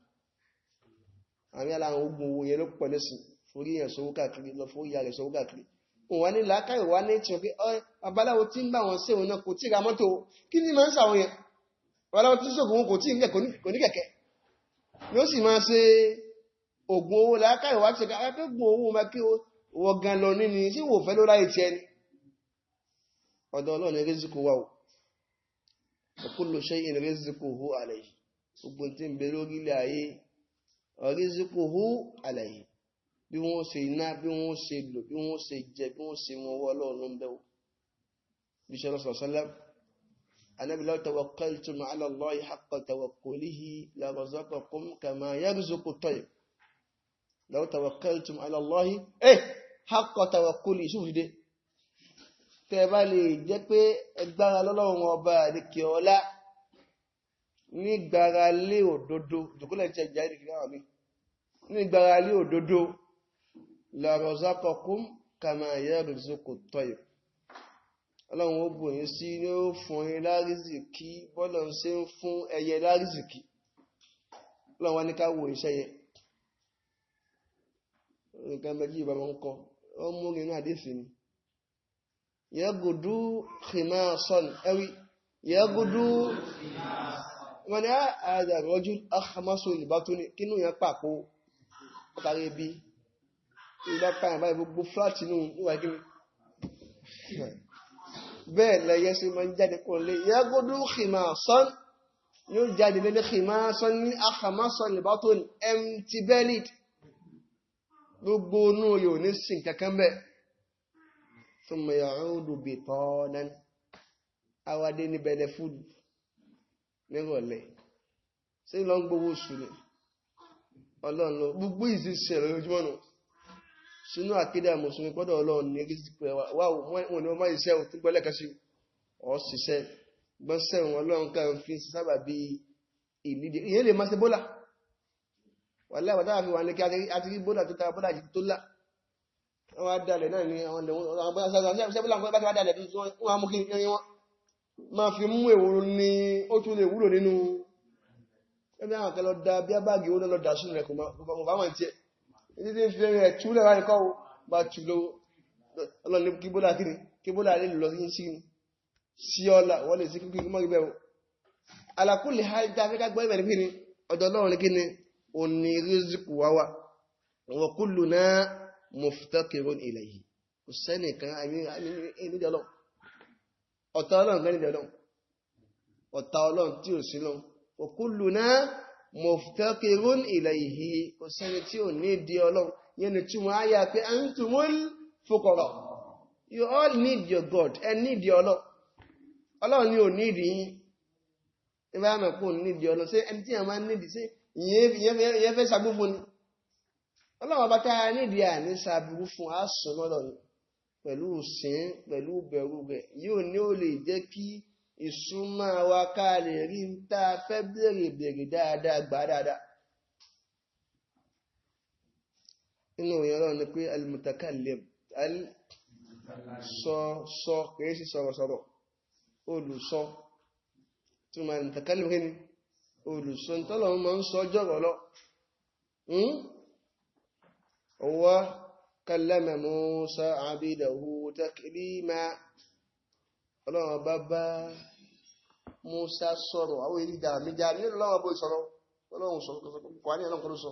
àmì aláwọn ogun owó yẹn ló pọ̀ lẹ́sìn forí yẹn sówó káàkiri lọ forí yàrá sówó káàkiri òun wá ní làákàyè wá ní ìtìyàn pé babaláwo tí ń bá wọn séwọn náà kò tí ni ó sì máa ṣe ògùn owó làákàyè wá ṣe káwá pé gùn owó máa kí wọ́n gan lọ nínú sí wò fẹ́ ló láyé tiẹ̀ ni ọ̀dọ̀ ọlọ́run eré zikò wà o kullu shay'in rizquhu alayhi gbogbo tí ń bẹ lórí ilẹ̀ ayé rizquhu alayhi bí wọ́n ṣe iná bí wọ́n ṣe lò bí wọ́n ṣe jẹ bí wọ́n ṣe mọ ọwọ́ ọlọ́run ló ń bẹ́wò bí ṣe lọ́sọ̀ọ́sọ́lẹ́mù anabi law tawakkaltum ala Allahi haqqa tawakkulihi la razaqakum kama yarzuqu at-tayr law tawakkaltum ala Allahi eh haqqa tawakkuli sufide tẹ bá lè jẹ́ pé ẹgbára lọ́lọ́run ọba àdìkẹ ọlá ní gbára lé òdodo ìdókòlẹ̀ tí ẹja ìdíkì náà mi ní gbára lé òdodo la razaqakum kama yarzuqu at ọlọ́run ó bù yín sí ní ó fún yín lárízìkí bọ́lọ̀ ń ṣe ń fún ẹyẹ lárízìkí ọlọ́run wá ní ká wo iṣẹ́ yẹn nǹkan bẹ́ẹ̀ yìí bá wọn kọ ó mú inú àdéhùn ni. yagudu khimasan ẹ̀rí yagudu wọn ni ah, àdàrọ́jú ahamasu ìbátúni kínú yẹn pàpọ̀ ọ̀tàrí bí ìgbà pààyàn báyìí gbogbo fúláàtì nù níwájú bẹ́ẹ̀ lẹ́yẹ sí máa ń jáde kó lé yagudu khimasan yóò jáde lé ní khimasan ní akhamasan lè bá tó ní empty bellied gbogbo inú yóò ní sìn kankan bẹ́ẹ̀ thumma ya'udu bitanan awádé ní bẹ̀rẹ̀ fúdù nírọ̀lẹ́ sí lọ́n gbowó sùn ọlọ́run gbogbo ìsinsìn ẹ̀rọ sínú àkídà mùsùlùmí pọ́dọ̀ ọlọ́run ní rí pẹ̀ wà wọ́n ni wọ́n máa iṣẹ́ òtún gbọ́lẹ̀ kan sí ọ̀ṣiṣẹ́ gbọ́nsẹ̀ wọn ọlọ́run kan fi ń sábà bí ìlídì ìyẹn lè máa ṣe bọ́là wà láwọn dáa fi ní kí a ti rí bọ́là tó ta bọ́là yìí tó lá wọ́n á dalẹ̀ náà ni àwọn bọ́là ṣe bọ́là bá ti wá dalẹ̀ tó wọ́n á mú kí irin wọn máa fi mú èwòrò ni ó tún lè wúlò nínú ẹgbẹ́ àwọn kan lọ da bí abáàgì ó lọ dà sínú rẹ̀ kò bá wọn tiẹ̀ ní tí fi rẹ̀ tú lẹ́wà nìkan o bá tú lówó ọlọ́ni kíbólà kí ni kíbólà lè lọ sí sí ni sí ọlá wọ́n lè sí kíkí mọ́ ibẹ̀ o alákùnlé ha ìta afẹ́ká gbọ́ ibẹ̀ níbi ni ọ̀dọ̀ ọlọ́run kí ni òní rízìkù wá wa wa kulluna muftakirun ilayhi kò sẹ́nì kan nídìí ọlọ́run ọ̀tá ọlọ́run kan nídìí ọlọ́run ọ̀tá ọlọ́run tí ò sí lọ́run wa kulluna muftakirun ilayhi kò sẹ́ni tí ò ní di ọlọ́run yẹn ni túmọ̀ ayé pé antumul fuqara you all need your God ẹ ní di ọlọ́run ọlọ́run ni ò ní di yín ẹ bá mọ̀ pé ò ní di ọlọ́run ṣé ẹni tí àwọn máa ń ní di ṣé ìyẹn fẹ́ ṣàgbófo ni ọlọ́run ọba tá a nídìí àní ṣàbùrú fún àásùn lọ́dọ̀ ni pẹ̀lú òsín pẹ̀lú bẹ̀rù rẹ̀ yóò ní ó lè jẹ́ kí ìsúnmọ́ wa ká lè rí ń tá a fẹ́ béèrè béèrè dáadáa gbà dáadáa. inú òyìn ọlọ́run ni pé al-mutakallim sọ kìí sí sọ̀rọ̀sọ̀rọ̀ olùsọ tí ma al-mutakallim kí ni olùsọ tọ́lọ̀un ma ń sọ jọ̀rọ̀ lọ ọwọ́ hmm? kallama Musa abidahu taklima ọlọ́run bá bá Musa sọ̀rọ̀ àwọn ìdídà àmìjà ní ọlọ́run bó ìsọ̀rọ̀ ọlọ́run sọ kò wá ní ọlọ́run kọ́lọ́sọ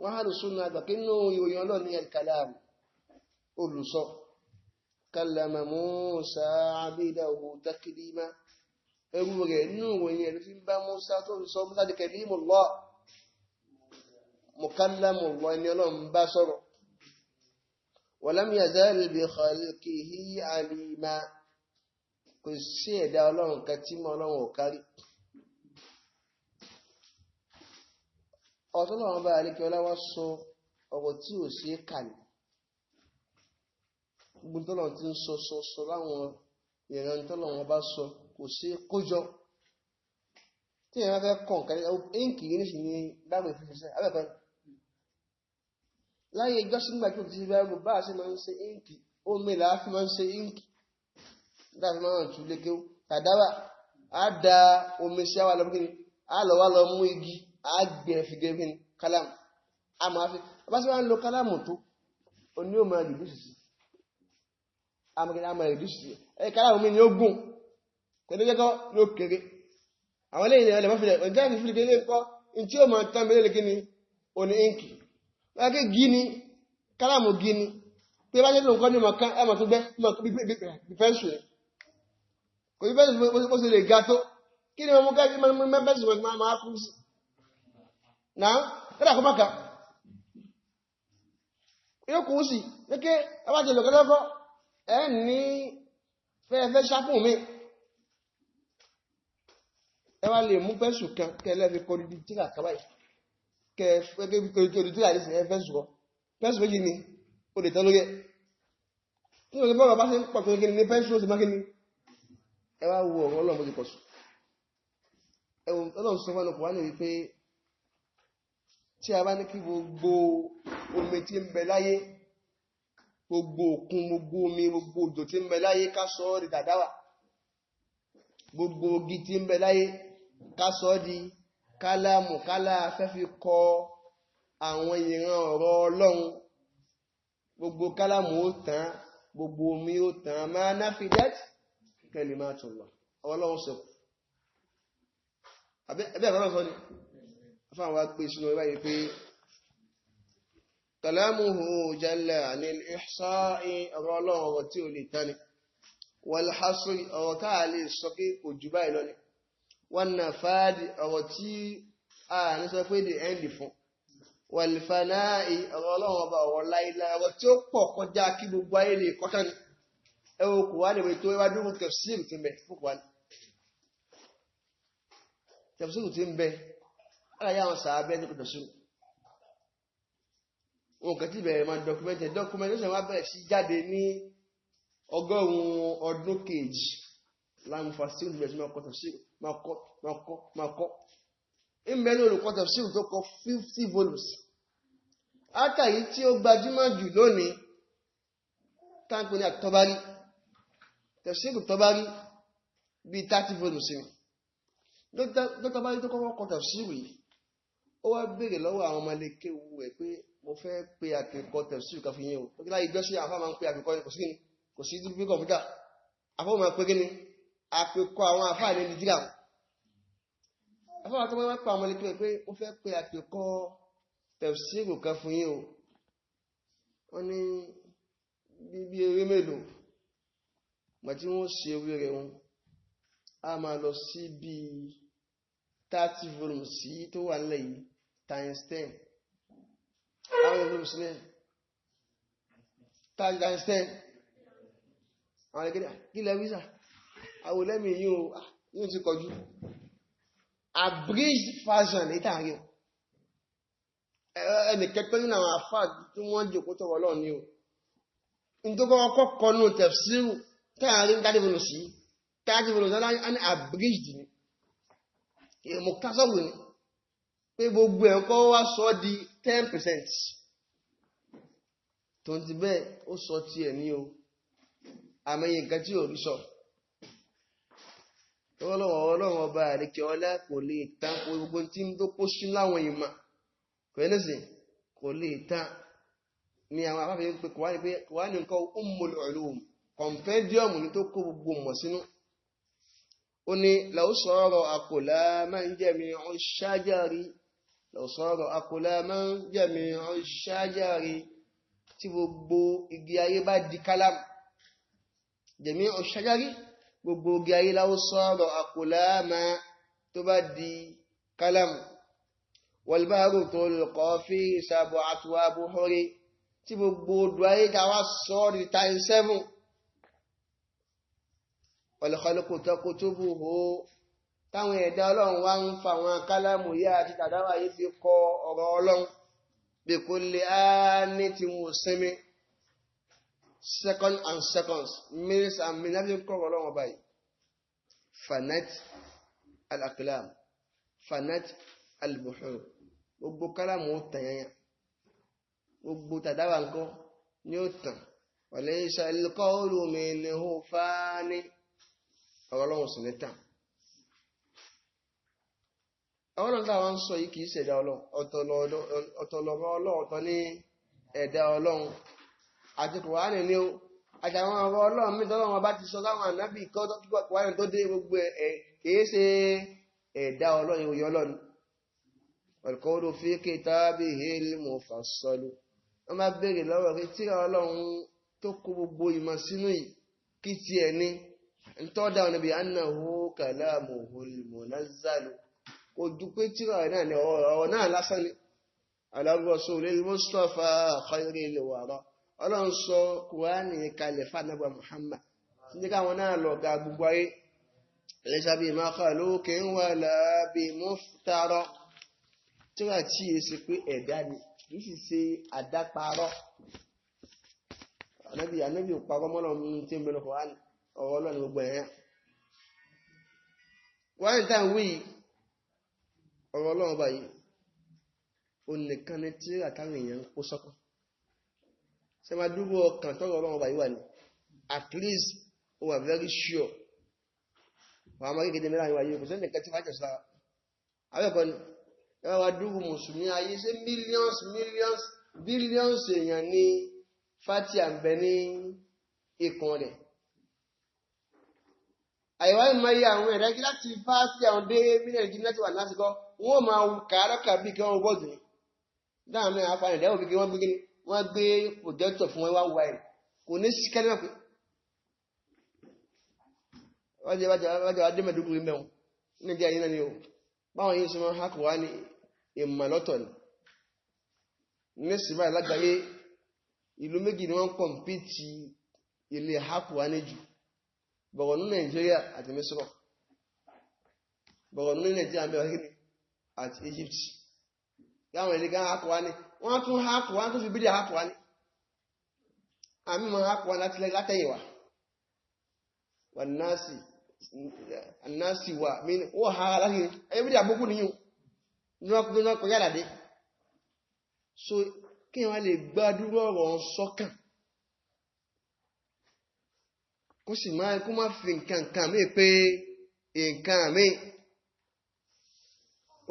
wọ́n á lù súnú àgbà kí nínú ìròyìn ọlọ́run ní ẹ̀kálá olùsọ kálàmà Musa abídà òwò dákìlímà ẹrú rẹ̀ nínú ìròyìn ẹ̀rí fi ń bá Musa tó ń sọ Musa di kẹlímù lọ mùkálàmù lọ ẹni ọlọ́run bá sọ̀rọ̀ wàlámù yazal bi khalqihi alima kò sí ẹ̀dá ọlọ́run kan tí mọ ọlọ́run ò kárí. ọ̀tọ́ lọ́wọ́ bá alékẹ́ ọláwá sọ ọ̀rọ̀ tí ò sí kàlẹ̀ gbogbo tọ́lọ̀ tí ń sọ sọ sọ láwọn ìran tọ́lọ̀ wọn bá sọ kò sí kójọ tí ìran fẹ́ kàn kàlẹ̀ ẹ̀ǹkì yìí nìṣì ní dáàbò ìfẹsẹ̀ abẹ́fẹ́ láyé ìjọsìn gbàgbé òtítí bá a ṣe máa ń ṣe ẹ̀ǹkì ó mẹ́lẹ̀ á fi máa ń ṣe ẹ̀ǹkì dáàbí máa hàn tú lékéwó tàdáwà á da omi sí àwa lọ́mú kíni á lọ wá lọ mú igi á gbẹ fìgẹ kíni kálámù á máa fi abáṣe máa ń lo kálámù tó oní òmò àdìdúsì sí amagina ama àdìdúsì sí ẹ kálámù mi ni ó gùn pẹ̀lú jẹ́kọ́ ló kéré àwọn eléyìí ni ẹlẹ́mọ́ fìlẹ̀ ọjọ́ ìfìlẹ̀ ilé ńkọ́ in tí ó máa tán bí lélẹ́kí ni kò sí bẹ́sùn bó ṣe lè ga tó kí ni mo ká sí bẹ́sùn bó ṣe máa kú sí náà kódà kó má ka yóò kú sí pé abájẹ lọ kọ́kọ́ ẹ ní fẹ́ẹ́fẹ́ ṣáfún mi ẹ wá lè mú bẹ́sùn kan kẹlẹ́ fi kọ́ ibi tí kàkà báyìí kẹ fẹ́ fi kọ́ ibi tí kàkà báyìí ẹ fẹ́ sùn kọ́ bẹ́sùn méjì ni o lè ẹ wá wo ọ̀rọ̀ ọlọ́run bó ti pọ̀ sùn ẹ̀wọ̀n ọlọ́run sọ fún ọlọ́kùnrin wá wípé tí a bá ní kí gbogbo omi tí ń bẹ láyé gbogbo òkun gbogbo omi gbogbo òjò tí ń bẹ láyé ká sọ ọ́ di dàdáwà gbogbo ogi tí ń bẹ láyé ká sọ ọ́ di kálámù kálá fẹ́ fi kọ àwọn ìran ọ̀rọ̀ ọlọ́run gbogbo kálámù ó tán gbogbo omi ó tán máa náfi dẹ́tì kalimatullah ọlọ́wọ́ sọ ẹbẹ́ ẹ̀rọ sọ ni afáwọn wa pè sínú ìbáyé pé kalamuhu jalla anil ihsa'i ọ̀rọ̀ ọlọ́wọ́ ọ̀rọ̀ tí ó lè tani wal hasri ọ̀rọ̀ káà lè sọ pé kò jù báyìí lọ ni wal nafadi ọ̀rọ̀ ní sọ pé ọba ọ̀rọ̀ láìláì tí ó pọ̀ kọjá kí gbogbo ayé lè kọ́tán ni ẹ wo kùránì wẹ̀ tó ẹ wá dúró tẹ̀síìrì ti ń bẹ fún kùránì tẹ̀síìrì ti ń bẹ aláyé àwọn sàábẹ́ ní tẹ̀síìrì wọn kàn ti bẹ̀rẹ̀ máa dọkumẹ́ntẹ̀ dọkumẹ́ntẹ̀ wọn bẹ̀rẹ̀ sí jáde ní ọgọ́rùn-ún ọdún kejì láǹfà sí ìbẹ̀rẹ̀ sí máa kọ́ tẹ̀síìrì máa kọ́ máa kọ́ máa kọ́ ń bẹ ní olùkọ́ tẹ̀síìrì tó kọ fifty volumes ákàyí tí ó gbajúmọ̀ jù lónìí tẹ̀síìrù Tabari bíi thirty volumes ni dókítà bá rí tó kọ́kọ́ kọ tẹ̀síìrù yìí ó wá béèrè lọ́wọ́ àwọn ọmọ leke wu ẹ̀ pé mo fẹ́ pe àkẹ́kọ̀ tẹ̀síìrù kan fi yín o dókítà yìí jọ́sí àfa máa ń pe àkẹ́kọ̀ kò sí kíni kò sí bí kọ̀m̀pútà àfa máa pe kíni àkẹ́kọ̀ àwọn àfa ní Nàìjíríà àfa máa tó máa pa àwọn leke pé mo fẹ́ pe àkẹ́kọ̀ tẹ̀síìrù kan fún yín o wọ́n ní bí eré mélòó ìgbà tí wọ́n ṣe ewé rẹ̀ wọn a máa lọ sí bíi thirty volumes yìí tó wà nílẹ̀ yìí times ten àwọn volumes náà thirty times ten àwọn ẹgbẹ́ kílẹ̀ wíṣà àwòlẹ́mì yóò yóò ti kọjú abridged fashion ní tààrí ẹnìkẹ́kẹ́ nínú àwọn àfáà tí wọ́n jòkó tọ̀rọ̀ lọ́ọ̀ ni o ní kọ́kọ́ kọ́nù tẹ̀fsíru táàrin dádìbòlò sí táàdìbòlò a ní abridged ni èmò kásọ̀wò ni pé gbogbo ẹ̀kọ́ wá sọ di 10% tó ti bẹ́ẹ̀ ó sọ ti ẹ̀ ní o àmẹ́yẹ nǹkan tí ò rí sọ ọlọ́wọ́ ọlọ́wọ́ ọba àríkẹ́ ọlá kò lè tán gbogbo tí ń tó kó sí láwọn ìmọ̀ pẹ̀lẹ́sìn kò lè tán ni àwọn afáfẹ́ pé kò wá ní nǹkan ummul ulum kọ̀ǹfẹ́díọ̀mù ní tó kó gbogbo mọ̀ sínú ó ní lọ́sọ̀rọ̀ àkùlá máa ń jẹ̀mí ọ̀ṣájárí lọ́sọ̀rọ̀ àkùlá máa ń jẹ̀mí ọ̀ṣájárí tí gbogbo igi ayé bá di kálámù jẹ̀mí ọ̀ṣájárí gbogbo igi ayé lọ́sọ̀rọ̀ àkùlá máa tó bá di kálámù wọlbáàrù tó lùkọ́ fi ìsàbọ̀ àtúwàbò hóre tí gbogbo odò ayé ká wá sọ́ọ̀rì táyì sẹ́fún ọ̀lẹ́kọ̀lẹ́kọ̀ tọ́kọ tó bù hó táwọn ẹ̀dá ọlọ́run wá ń fa àwọn kálámù yá àti tàdáwà yìí fi kọ ọ̀rọ̀ ọlọ́run bí kò lè á ní ti wò sinmi second and seconds minutes and minutes láti kọ̀ ọlọ́run ọba yìí fanat alakilam fanat alibuhur gbogbo kálámù ó tàn yẹn gbogbo tàdáwà nǹkan ni ó tàn ọ̀lẹ́yìn sàlùkọ́ olùmìnirò fáánì. ọlọ́run sì ní tà ọlọ́run táwa ń sọ yìí kìí ṣẹ̀dá ọlọ́run ọ̀tọ̀lọ́mọ ọlọ́run ọ̀tọ̀ ní ẹ̀dá ọlọ́run àti o àti àwọn ọlọ́run mi tọ́lọ́run ọba ti sọ sáwọn tó dé gbogbo ẹ̀ ṣe ẹ̀dá ọlọ́run ìwòye ọlọ́run fi wọ́n bá béèrè ntọ́dá ọ̀nàbí annahu kalamuhul munazzalu kò ju pé tíra náà ni ọ̀rọ̀ náà lásán ni ala rasulil mustapha khairil wara ọlọ́run sọ kùránì kalẹ̀ fánàbà muhammad ní káwọn náà lọ ga gbogbo ayé ẹ̀lẹ́sà bíi makhluqin wala bi muftara tíra tí e ṣe pé ẹ̀dá ni kì í sì ṣe àdáparọ́ ànábì ànábì ò parọ́ tí ń bẹ̀rẹ̀ kùránì ọ̀rọ̀ ọlọ́ni gbogbo ẹ̀yà wọ́n ní táwọn wí ọ̀rọ̀ ọlọ́run báyìí o nìkan ni tí àtàwọn èèyàn ń kó sọ́kàn ṣe máa dúró ọkàn tọ́rọ̀ ọlọ́run báyìí wà ní at least o wà very sure wà á máa kékeré mẹ́ta àwọn ayé kò sẹ́ni nìkan tí wàá jọ sára abẹ́ẹ̀kọ́ ni ẹ̀rọ wa dúró mùsùlùmí ayé ṣé millions millions billions èèyàn ní fati àǹbẹ̀ ní ikùn rẹ̀ àyẹ̀wò àyẹ̀mọ yẹ àwọn ẹ̀rẹ́ kí láti bá sí àwọn dé mílíọ̀nù jí láti wà lásìkò wọn máa kàárọ̀ kà bí kí wọ́n bọ́ọ̀dù yẹn dáhùn náà apá ẹ̀dá òbí kí wọ́n gbé kí wọ́n gbé pòjẹ́tọ̀ fún wọn wá wá ẹ̀ kò ní sí kẹ́lẹ́ pé wájú wájú adé mẹ́ẹ̀dógún yìí mẹ́wọ̀n níjà yìí náà ni o báwọn yìí sọmọ ha ní ìmọ̀lọ́tọ̀ ni ní sìmáì lágbàáyé ìlú méjì ni wọ́n kọ̀m̀pìtì ilé ha kò jù bọ̀gọ̀nú Nàìjíríà àti Mísírọ̀ bọ̀gọ̀nú Nàìjíríà mẹ́wàá kí àti Egypt láwọn ilé gan hapùwá ní wọ́n tún tó fi bídí hapùwá ní àmì mọ̀ hapùwá láti wà náàsì wà mí láti ẹni bídí àbúkú níyù níwọ́n kọjá dàdé so kí lè kó sì máa kó má fi nǹkan kan mí pé nǹkan mí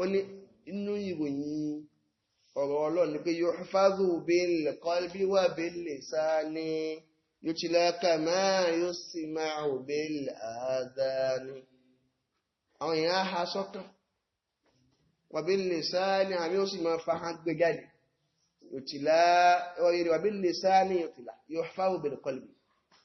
ó ní inú ìròyìn ọ̀rọ̀ ọlọ́run ni pé yuhfazu bil qalbi wa bil lisani yutla kama yusma'u bil adhani. àwọn èèyàn á ha sọ́kàn wa bil lisani àmì ó sì máa fa hàn gbé jáde yutla wa bil lisani yutla yuhfazu bil qalbi.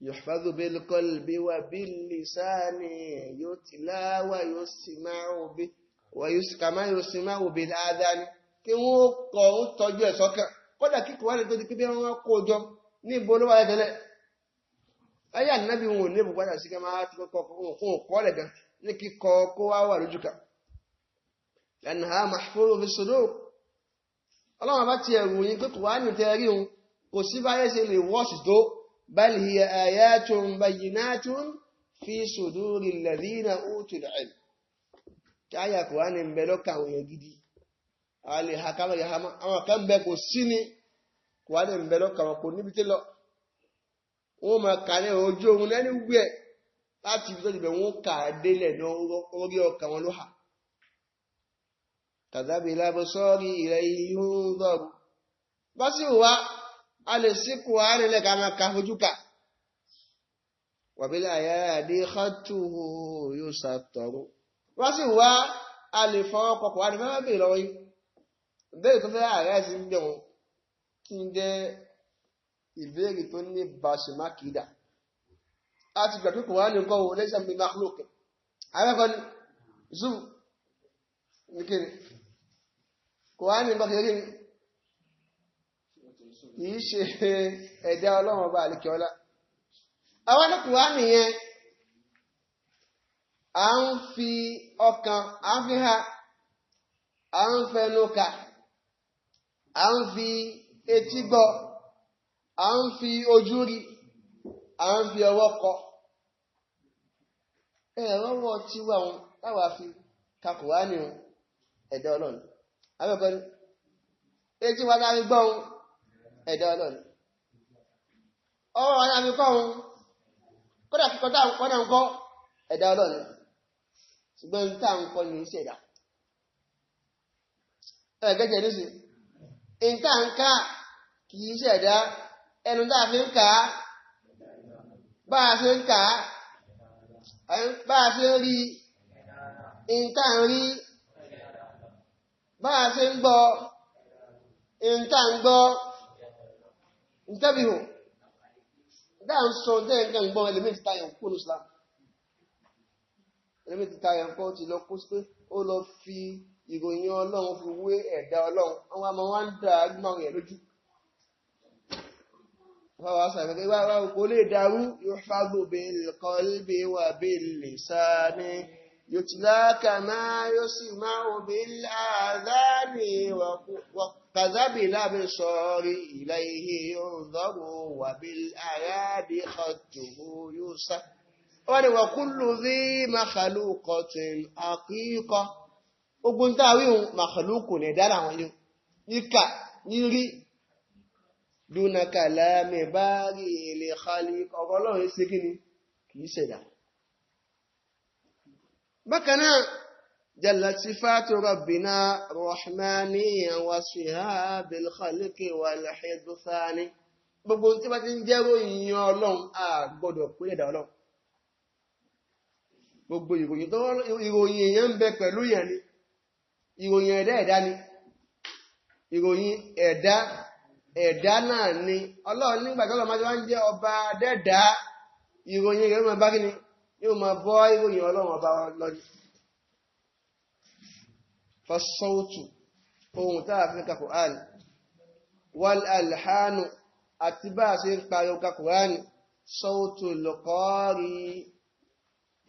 يحفظ بالقلب وباللسان يتلى ويسمع به ويسمع يسمع بالآذان kí wọ́n kọ́ ó tọ́jú ẹ̀ sọ́kàn kódà kíkọ́ wá lè tó di pé bí wọ́n kó jọ ní ìbolo wáyé tẹ́lẹ̀ ayé ti kọ́ fún òkọ́ rẹ̀ gan ní kíkọ́ بل هي آيات بينات في صدور الذين أوتوا العلم káyà kùránì ń bẹ lọ́kàn àwọn èèyàn gidi àlè àkàmà yàhámà àwọn kan bẹ kò sí ni kùránì ń bẹ lọ́kàn láti ibi tó ti bẹ̀ wọ́n kà á délẹ̀ náà orí ọkàn wọn ló hà. a lè sí kùránì lẹ́ka máa ka fojú kà wàbílẹ̀ àyà àdé xatu yóò ṣàtọ̀rọ̀ wọ́n sì wá a lè fọwọ́ kọ kùránì máa bèèrè lọ́wọ́ yìí bẹ́ẹ̀ tó fẹ́ ààrẹ sí ń bẹ̀ wọ́n kí n jẹ́ ìbéèrè tó ní bàṣẹ̀má kìdà a ti gbà pé kùránì kọ́ wo lẹ́sẹ̀ mi máa lókè àrẹ́kọ́ ni zoo nìkiri kùránì kọ́ kiri kìí ṣe ẹ̀dá ọlọ́run ọba àlekèọ́lá àwọn ẹlẹ́kùnrin wá nìyẹn à ń fi ọkàn à ń fi ha à ń fẹnu kà à ń fi etí gbọ́ à ń fi ojú rí à ń fi ọwọ́ kọ ẹ̀rọ wọ tiwa wọn táwa fi kakùwá ni ẹ̀dá ọlọ́run abẹ́kọ̀ọ́ ni etí wa ta fi gbọ́ wọn ẹ̀dá ọlọ́ni ọwọ́ ọ̀nà mi kọ́ ohun kódà kíkọ́ tá à ń kọ́ náà ń kọ́ ẹ̀dá ọlọ́ni ṣùgbọ́n tá à ń kọ́ ní ṣẹ̀dá ẹ̀gẹ́jẹ̀ ní sí ìta ń ká kì í ṣẹ̀dá ẹnu tá a fi ń kà bá a ṣe ń kà bá a ṣe ń rí ìta ń rí bá a ṣe ń gbọ́ ìta ń gbọ́. انتبهوا ده انسو ده كان بون element ta yan ko islam element ta yan ko ti lọ ko pé ó lọ fi ìròyìn Ọlọ́run fi wé ẹ̀dá Ọlọ́run àwọn ọmọ wa ń da agbọn rẹ̀ lójú fáwọn aṣàfẹ́ pé wá wá kò lè darú yóò fágbó bil qalbi wa bil lisani yutla kama yusma'u bil adhani wa فذبل بالصار إليه ينظر وبالأياد خده يوسف وكل ذي مخلوقة حقيقة ogun tá a wí hun màkàlùkù ní ìdára àwọn yìí níkà nírí dúnàkàlà mẹbàárì ilẹ̀ xali ọ̀rọ̀ ọlọ́run kí ni kì í ṣẹ̀dá. bákan náà جلت صفات ربنا رحمانيا وصفها بالخلق والحدثان gbogbo tí bá ti ń jẹ́ ròyìn ọlọ́run a gbọ́dọ̀ pé ẹ̀dà ọlọ́run gbogbo ìròyìn tó ìròyìn èèyàn ń bẹ pẹ̀lú yẹn ni ìròyìn ẹ̀dá ẹ̀dá ni ìròyìn ẹ̀dá ẹ̀dá náà ni ọlọ́run nígbà tí ọlọ́run máa ń jẹ́ ọba dẹ́dàá ìròyìn rẹ̀ máa bá kí ni yóò máa bọ́ ìròyìn ọlọ́run ọba lọ́dún fasọ́ọ̀tù ohun tá a fi ń ka Qur'an wal alhanu àti bá a ṣe ń pariwo ka Qur'an sọ́ọ̀tù lọ́kọ́ọ̀rì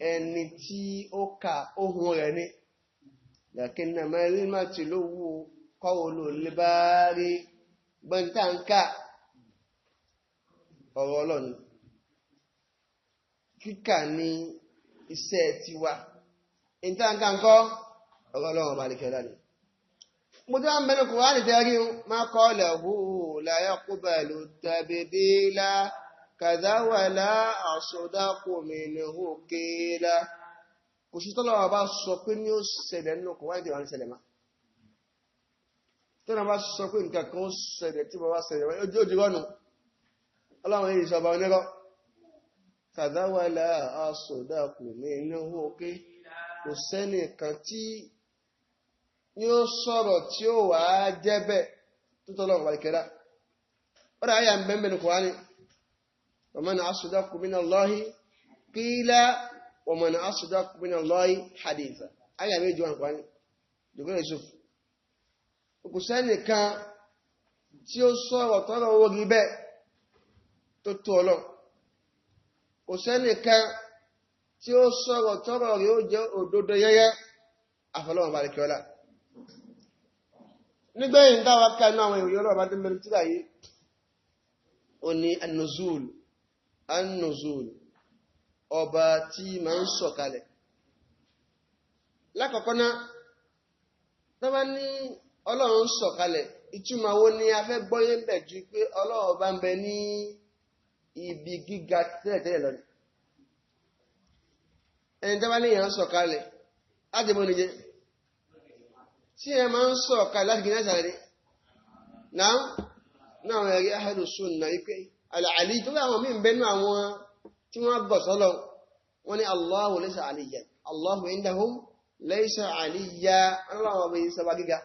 ẹni tí ó ka ohun rẹ̀ ni lakin na mẹ́rìnmá ti ló wú kọ́wọ́lò lébáárí gbọ́ntàǹkà ọ̀rọ̀ ọlọ́ni kíkà ní iṣẹ́ tiwa ìtàǹkà ńkọ́. ọ̀rọ̀ ọlọ́run bá lè kẹ́lá ni mo tí wọ́n mẹ́nu kùránì tẹ́rí o má kọ́ lẹ̀hú láyé kúbà ló tàbí lá kàdáwàlá kò sí bá sọ pé ní ó nínú má bá sọ pé nǹkan kan ó tí bá ojú ojú rọ́nu ọlọ́run yìí sọ yóò sọ̀rọ̀ tí ó wà á jẹ́ bẹ́ẹ̀ tó tọ́lọ̀ ọ̀gbà ìkẹ́dá ó rà áyà mbẹ́mbẹ́ ní kùránì waman asdaqu minallahi qila waman asdaqu minallahi haditha áyà méjì wà ní kùránì dùgbọ́n Yusuf kò sẹ́nì kan tí ó sọ̀rọ̀ tọ́lọ̀ owó rí bẹ́ẹ̀ tó tó ọlọ́ kò sẹ́nì tí ó sọ̀rọ̀ tọ́rọ̀ rí ó jẹ́ òdodo yẹ́yẹ́ àfọlọ́wọ̀n balẹ̀kẹ́ ọlá nígbẹ̀yìn dáwà ká inú àwọn ìròyìn ọlọ́ọ̀bá tó mẹ́rin tíra yìí o ni an ọba tí ma ń sọ̀kalẹ̀ lákọ̀ọ́kọ́ náà tọ́bá ní ọlọ́run ń sọ̀kalẹ̀ ìtumọ̀ wo ni a fẹ́ gbọ́yé bẹ̀ ju pé ọlọ́run ń bẹ ní ibi gíga tẹ́lẹ̀tẹ́lẹ̀ lọ́nà ẹni tọ́bá ní ìyàn tí ẹ máa ń sọ ọ̀ka láti gbé násàrí náà náà wọn ẹ̀rí ahlu sunna wípé àlàálí tó bá àwọn míì ń bẹnu àwọn tí wọ́n gbọ̀ sọ́lọ wọ́n ní Allahu laysa aliyyan Allahu indahum laysa aliyya ọlọ́run ọmọ gíga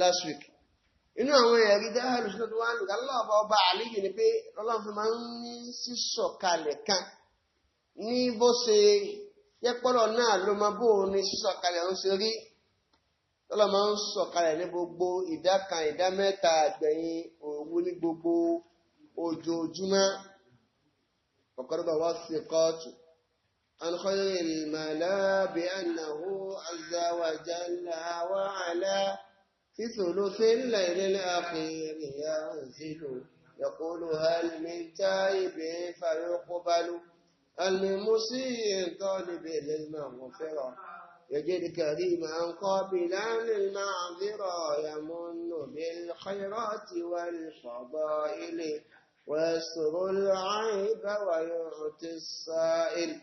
last week inú àwọn ẹ̀rí dá ahlu sunna tó wá nù kálọ́ọ̀bá ọba àlíyìn ni pé ọlọ́run fi máa yẹpọlọ náà ló máa bó o ní sísọ̀kalẹ̀ ń ṣe rí lọlọ máa ń sọ̀kalẹ̀ ní gbogbo ìdá kan ìdá mẹ́ta àgbẹ̀yìn òwú ní gbogbo ojoojúmọ́ ọkọdọgbà wá sí kóòtù alukọyọ ìmàlá bí anahu azawajala wàhálà sísòló fẹlẹ ìrẹ̀lẹ̀ àfihàn ìyá òsèlú yaqulu hal min ta'ibin fayuqbalu. المسيء طالب للمغفرة مغفرة يجد كريما قابلا للمعذرة يمن بالخيرات والفضائل ويستر العيب ويعطي السائل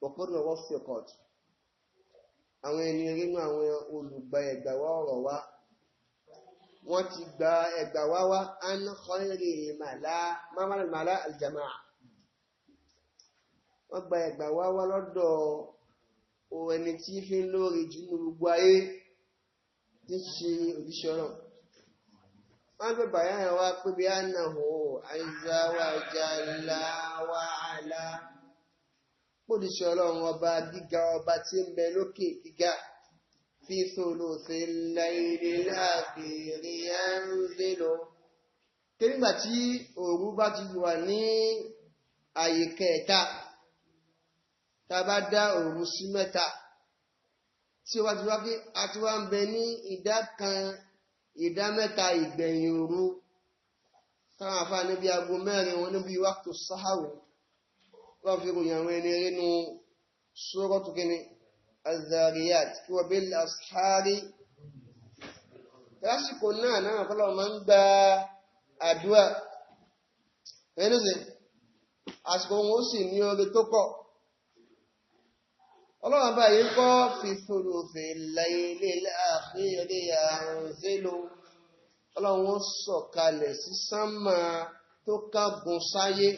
وقرن وفقت àwọn ẹni rí mú àwọn olùgbà ẹ̀gbà wọ́n ti gba ẹgbà wáwá an kọ́lì màlá aljamaa wọ́n gba ẹgbà wáwá lọ́dọ̀ ẹni tí fi ń lórí jùlọ gbogbo ayé tí ṣe òjíṣẹ́ ọ̀rọ̀ wọ́n gbé bàyá yẹn wá pé bí ánàhó àìzáwájáláwàálá pòdìṣẹ́ ọlọ́run ọba gíga ọba tí ń bẹ lókè gíga. في ثلث الليل الأخير ينزل tẹ́lígbà tí òru bá ti wà ní àyè kẹta tá a bá dá òru sí mẹ́ta tí ó bá ti wá pé a ti wá ń bẹ ní ìdá kan ìdá mẹ́ta ìgbẹ̀yìn òru táwọn afáàní bíi aago mẹ́rin wọn níbi wákàtí sáháwò wọ́n fi ròyìn àwọn ẹni rínú sórọ́tù kínní azariyat kí wọ́n bí asari lásìkò náà náà fọlọ́ máa ń gba àdúrà ẹnìsìn àsìkò wọn ó sì ní oore tó pọ̀ ọlọ́run báyìí ń kọ́ fífòrò fèlà ilé àfihàn àrùn sílò ọlọ́run ó sọ̀kalẹ̀ sí sánmà tó kágun sáyé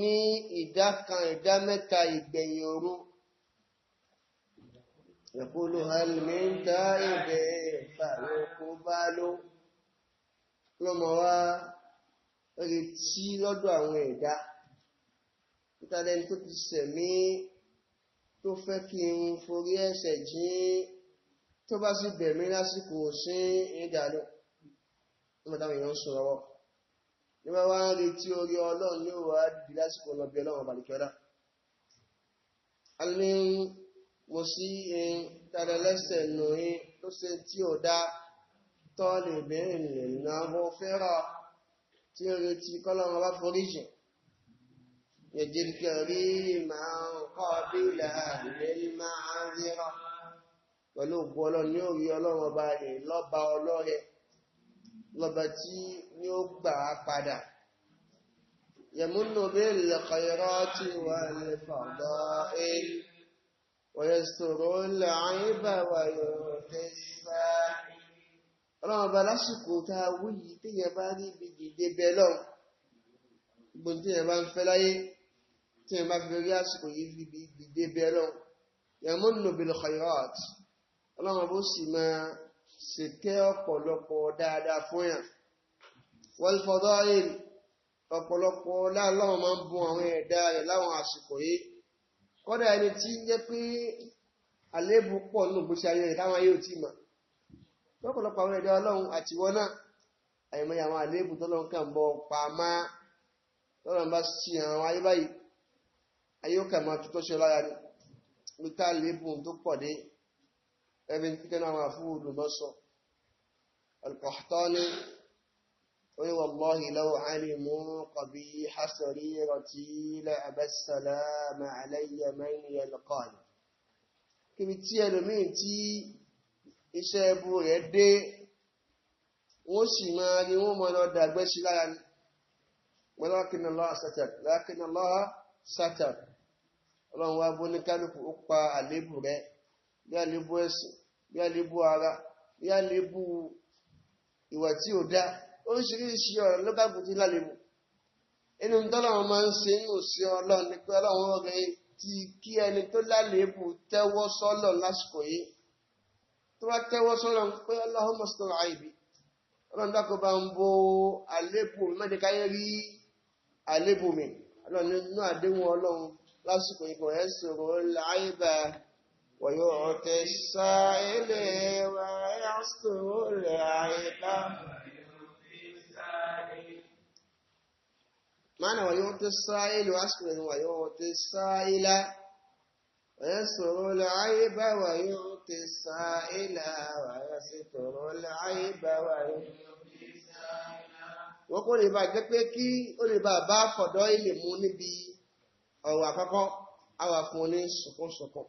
ní ìdá kan ìdá mẹ́ta ìgbẹ̀yìn òru يقول هل من تائب فيقبل lọ́mọ wá retí lọ́dọ̀ àwọn ẹ̀dá nítàlẹ́ni tó ti sẹ̀mí tó fẹ́ kí n forí ẹ̀ṣẹ̀ jí tó bá sì bẹ̀mí lásìkò sí ìdàlọ́ nígbàtàwọn èèyàn sọ lọ́wọ́ ní wọ́n wá ń retí orí ọlọ́run ní òwò àdìdì lásìkò lọ́bí ọlọ́run bàlìkọ́lá alẹ́ wo sí in tàdà lẹ́sẹ̀ nù in tó ṣe tí ó dá tọ́ lè bẹ̀rẹ̀ lè náwó fẹ́rọ̀ tí ó retí kọ́lọ́mọ bá foríjì yẹ̀dìrìkẹ̀rí máa ń kọ́ bílẹ̀ lè máa ń rírọ̀ pẹ̀lú òkú ọlọ́run ní òrí ọlọ́run ọba rẹ̀ lọ́ba ọlọ́rẹ lọ́ba tí ní ó gbà á padà yẹ̀múnú bí lẹ́kọ̀ọ́rọ́ tí wọ́n lè fọ̀dọ́ ẹ̀yìn ويستر العيب ويؤتي ọlọ́run ọba lásìkò tá a wí yìí téèyàn bá rí ibi dìde bẹ́ẹ̀ lọ gbogbo téèyàn bá ń fẹ́ láyé téèyàn bá fi rí àsìkò yìí fi ibi bẹ́ẹ̀ lọ yamunnu bil khayrat ọlọ́run ọba ó sì máa ṣètẹ́ ọ̀pọ̀lọpọ̀ dáadáa fún yàn wal fadail ọ̀pọ̀lọpọ̀ láàlọ́wọ́ máa ń bun àwọn ẹ̀dá rẹ̀ láwọn àsìkò yìí kọ́dà ẹni tí jẹ́ pé àléébù pọ̀ nínú gbóṣe ayé rẹ̀ táwọn yóò ti mọ̀ lọ́pọ̀lọpọ̀ àwọn ẹ̀dá ọlọ́run àtiwọ́ náà àìmọye àwọn àléébù tọ́lọ́run kàn bọ́ pa má tọ́lọ́run bá ṣì àwọn ayé báyìí ayé ó kàn máa tutọ́ ṣe lára ni lóta àléébù tó pọ̀ dé ẹbí kíkẹ́ náà àwọn àfúrú lò lọ́sọ̀ al والله لو علموا قبيح سريرتي لأبى السلام علي من يلقاني kíbi tí ẹlòmíì tí iṣẹ́ ẹbú rẹ̀ dé wọ́n sì máa rí wọ́n mọ́ lọ dàgbẹ́ sí lára ní walakin Allah satar walakin Allah satar ọlọ́run wá bó ní kálukú ó pa àlébù rẹ̀ bí àlébù ẹ̀sìn bí àlébù ara bí àlébù ìwà tí ò dáa oríṣiríṣi ọ̀rọ̀ ló bá gbòdì lálẹ́mù inú tọ́lọ́run máa ń ṣe inú sí ọlọ́run ni pé ọlọ́run rẹ̀ ti kí ẹni tó lálẹ́bù tẹ́wọ́ sọ́lọ̀ lásìkò yìí tó bá tẹ́wọ́ sọ́lọ̀ pé ọlọ́run mọ̀ sọ́lọ̀ àìbí ọlọ́run dákọ̀ bá ń bo àlébù mẹ́jẹ̀ káyé rí àlébù mi ọlọ́run nínú àdéhùn ọlọ́run lásìkò yìí kò ẹ́ sòrò láìbà wọ̀yọ̀ ọ̀tẹ̀ sáà ilẹ̀ wà ẹ́ معنى ويعطي السائل أسره ويعطي السائل ويستر العيب ويعطي السائل ويستر العيب ويعطي السائل wọ́n kó lè bá jẹ́ pé kí ó lè bá bá fọ̀dọ́ ilé mú níbi ọ̀rọ̀ àkọ́kọ́ àwà fún ní sọ̀kọ̀sọ̀kọ̀.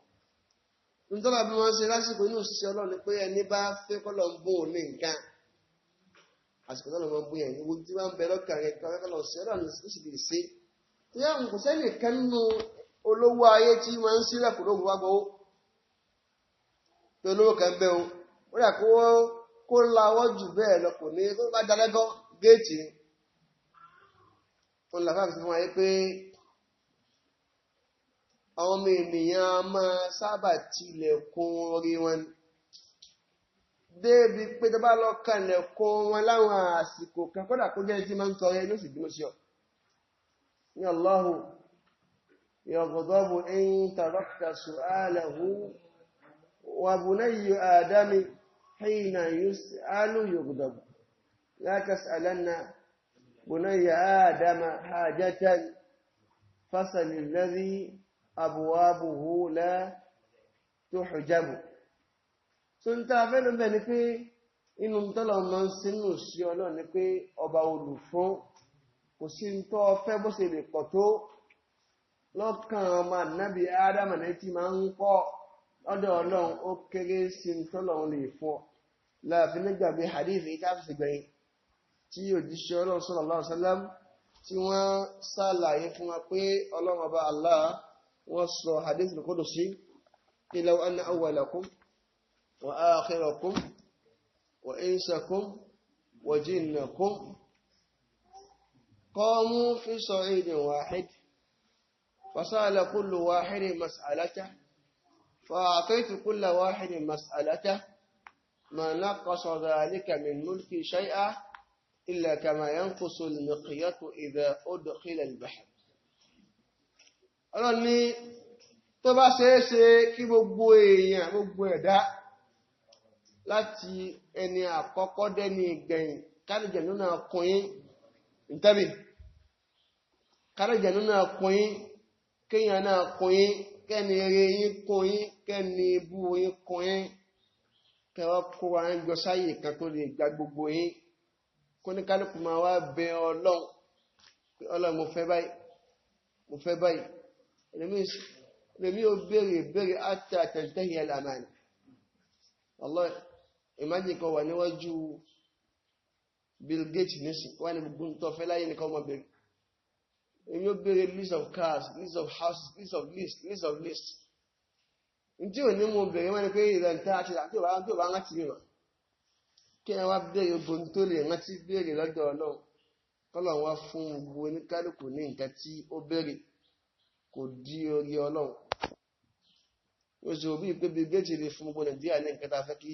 nítorí bí wọ́n ṣe lásìkò inú òṣìṣẹ́ ọlọ́run pé ẹni bá fẹ́ kọ́lọ̀ ń bò ní nǹkan àsìkò náà wọn bóyá ẹni wo tí wọn bẹ lọ́kàn rẹ kí wọn lọ sí ọ̀dọ̀ àná ó sì lè ṣe tí wọn kò sẹ́ni kan nínú olówó ayé tí wọn ń sílẹ̀ kó lóògùn wá gbọ́ pé olówó kan bẹ o ó yà kó kó lawọ́ jù bẹ́ẹ̀ lọ kò ní kó bá dalẹ́gọ́ géètì ni wọn làbá fún wa yé pé àwọn ọmọ ènìyàn máa sábà tilẹ̀kùn orí wọn débi pé tó bá lọ kànlẹ̀ kó wọn láwọn àsìkò kan kódà kó jẹ́ tí máa ń tọrẹ ní òsìdí mọ́ṣọ́ ní ọlọ́hùn yọ̀gọ̀dọ́bù ẹ̀yìn tàbátà sùálẹ̀hù wà bú náyí àdámi hìnà yùsálù yọ̀gọ̀dọ́bù bú àdáma lẹ́rí tó so n ta fẹ́ ló bẹ̀ ni pé inú tọ́lọ̀ máa ń sínú sí ọlọ́run ni pé ọba olùfún kò sí ń tọ́ fẹ́ bó ṣe lè pọ̀ tó lọ́kàn ọmọ ànábì ádámà ní ti máa ń pọ̀ lọ́dọ̀ ọlọ́run ó kéré sí ń tọ́lọ̀ lè fún ọ láàfin nígbàgbé hadith yìí táfi gbẹ̀yìn tí òjíṣẹ́ ọlọ́run sallallahu alaihi wasallam tí wọ́n ṣàlàyé fún wa pé ọlọ́run ọba Allah wọ́n sọ hadith al-Qudusi law anna awwalakum وآخركم وإنسكم وجنكم قاموا في صعيد واحد فسأل كل واحد مسألته فأعطيت كل واحد مسألته ما نقص ذلك من ملكي شيئا إلا كما ينقص المقية إذا أدخل البحر أرني tó سيسي ṣeéṣe kí يعني èèyàn دا láti ẹni àkọ́kọ́ dẹ́ni ìgbẹ̀yìn kárìjẹ̀nú náà kùnyín ìtẹ́bì kárìjẹ̀nú náà kùnyín kíyàn náà kùnyín kẹ́ni eré yín kùnyín kẹ́ni ibú yín kùnyín kẹwọ́ kó wa ń jọ kan tó lè gba gbogbo yín kó ní kálukú máa wá bẹ ọlọ́run ọlọ́run mo fẹ́ báyìí mo fẹ́ báyìí èmi ò béèrè béèrè àti àtẹ̀tẹ̀ yẹn làmánì. Allah imagine kan wà níwájú Bill Gates nísìn wà ní gbogbo tó fẹ́ láyé nìkan ọmọ bèrè èmi ó bèrè list of cars list of houses list of list list of list tí ò ní mo bèrè wọ́n ni pé ìrẹ̀ntà àti àti òbá tí òbá rántí mi mà kí ẹ wá bèrè ogun tó lè rántí bèrè lọ́dọ̀ Ọlọ́run kọ́lọ̀ wá fún gbogbo oníkálukú ní nǹkan tí ó bèrè kò di orí Ọlọ́run ó sì rò bí pé bí Gates lè fún gbogbo Nàìjíríà ní nǹkan tá a fẹ́ kí